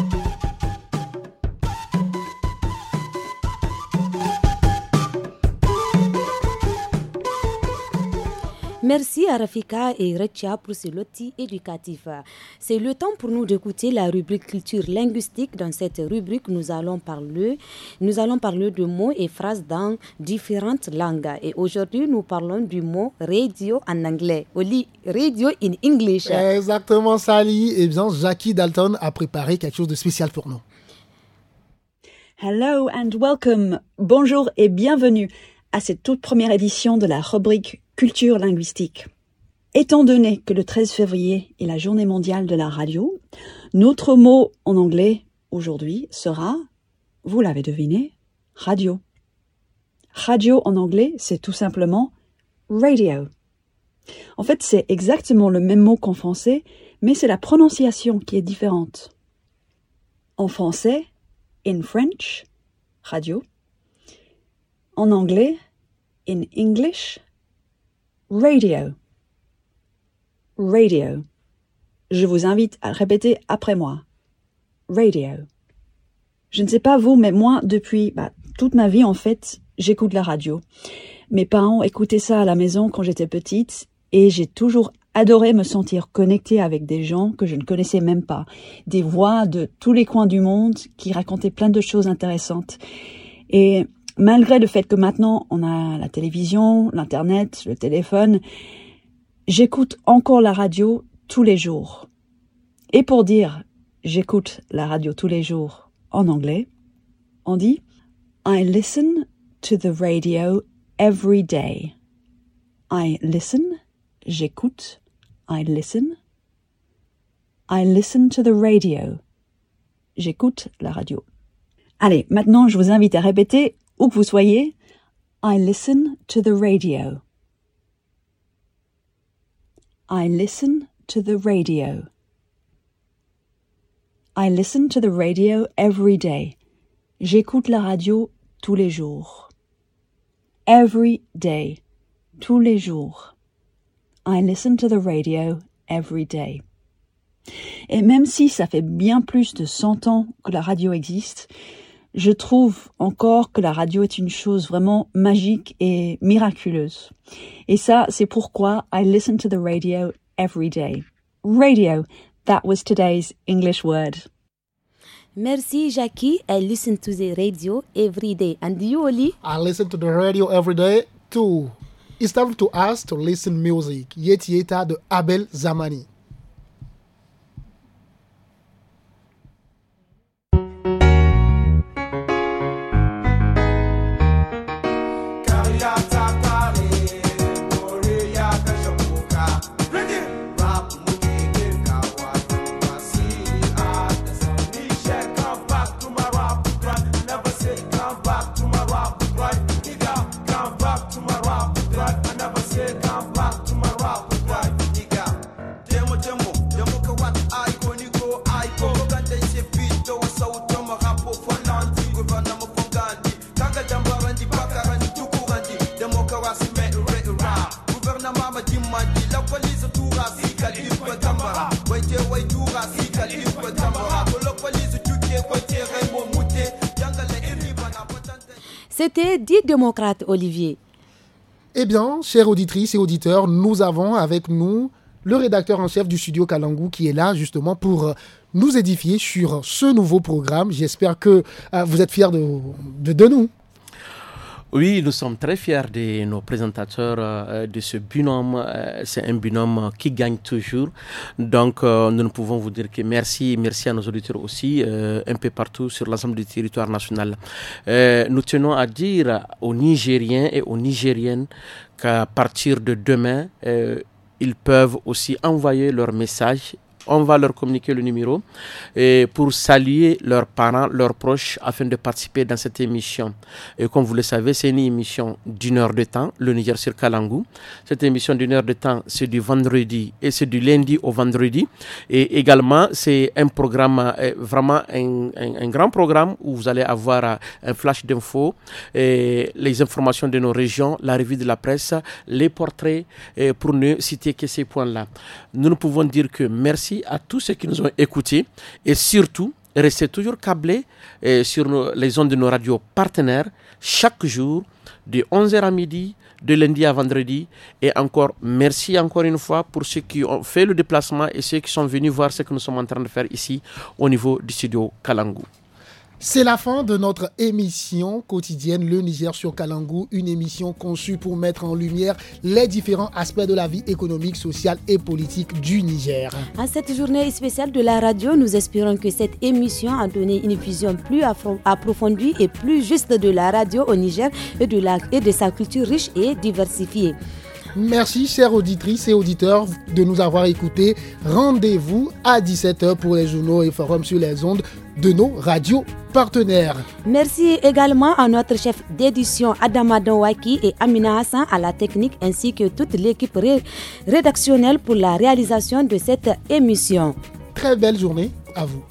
Merci à Rafika et Rechia pour ce loti éducatif. C'est le temps pour nous d'écouter la rubrique culture linguistique. Dans cette rubrique, nous allons parler, nous allons parler de mots et phrases dans différentes langues. Et aujourd'hui, nous parlons du mot radio en anglais. Oli, radio in English. Exactement, Sally. Et eh bien, Jackie Dalton a préparé quelque chose de spécial pour nous. Hello and welcome. Bonjour et bienvenue à cette toute première édition de la rubrique culture linguistique. Étant donné que le 13 février est la journée mondiale de la radio, notre mot en anglais aujourd'hui sera, vous l'avez deviné, radio. Radio en anglais, c'est tout simplement radio. En fait, c'est exactement le même mot qu'en français, mais c'est la prononciation qui est différente. En français, in French, radio. En anglais, in English, radio, radio. Je vous invite à répéter après moi. Radio. Je ne sais pas vous, mais moi, depuis bah, toute ma vie, en fait, j'écoute la radio. Mes parents écoutaient ça à la maison quand j'étais petite et j'ai toujours adoré me sentir connectée avec des gens que je ne connaissais même pas, des voix de tous les coins du monde qui racontaient plein de choses intéressantes. Et malgré le fait que maintenant on a la télévision, l'internet, le téléphone, j'écoute encore la radio tous les jours. Et pour dire j'écoute la radio tous les jours en anglais, on dit I listen to the radio every day. I listen, j'écoute, I listen. I listen to the radio. J'écoute la radio. Allez, maintenant je vous invite à répéter où que vous soyez, I listen to the radio. I listen to the radio. I listen to the radio every day. J'écoute la radio tous les jours. Every day. Tous les jours. I listen to the radio every day. Et même si ça fait bien plus de 100 ans que la radio existe, je trouve encore que la radio est une chose vraiment magique et miraculeuse. Et ça, c'est pourquoi I listen to the radio every day. Radio, that was today's English word. Merci, Jackie. I listen to the radio every day. And you, Oli? I listen to the radio every day too. It's time to ask to listen music. yeta de Abel Zamani. C'était dit démocrate Olivier. Eh bien, chères auditrices et auditeurs, nous avons avec nous le rédacteur en chef du studio Kalangou qui est là justement pour euh, nous édifier sur ce nouveau programme. J'espère que euh, vous êtes fiers de, nous. Oui, nous sommes très fiers de nos présentateurs euh, de ce binôme. Euh, c'est un binôme qui gagne toujours. Donc, euh, nous ne pouvons vous dire que merci, merci à nos auditeurs aussi, un peu partout sur l'ensemble du territoire national. nous tenons à dire aux Nigériens et aux Nigériennes qu'à partir de demain, ils peuvent aussi envoyer leur message on va leur communiquer le numéro et pour saluer leurs parents, leurs proches afin de participer dans cette émission. Et comme vous le savez, c'est une émission d'une heure de temps, le Niger sur Kalangou. Cette émission d'une heure de temps, c'est du vendredi et c'est du lundi au vendredi. Et également, c'est un programme, euh, vraiment un, grand programme où vous allez avoir euh, un flash d'infos, les informations de nos régions, la revue de la presse, les portraits, et pour ne citer que ces points-là. Nous ne pouvons dire que merci à tous ceux qui nous ont écoutés et surtout, restez toujours câblés euh, sur les ondes de nos radios partenaires chaque jour de 11h à midi, de lundi à vendredi. Et encore, merci encore une fois pour ceux qui ont fait le déplacement et ceux qui sont venus voir ce que nous sommes en train de faire ici au niveau du studio Kalangou. C'est la fin de notre émission quotidienne Le Niger sur Kalangou, une émission conçue pour mettre en lumière les différents aspects de la vie économique, sociale et politique du Niger. À cette journée spéciale de la radio, nous espérons que cette émission a donné une vision plus approfondie et plus juste de la radio au Niger et de sa culture riche et diversifiée. Merci, chères auditrices et auditeurs, de nous avoir écoutés. Rendez-vous à 17h pour les journaux et forums sur les ondes de nos radios partenaires. Merci également à notre chef d'édition Adama Donwaki et Amina Hassan à la technique ainsi que toute l'équipe rédactionnelle pour la réalisation de cette émission. Très belle journée à vous.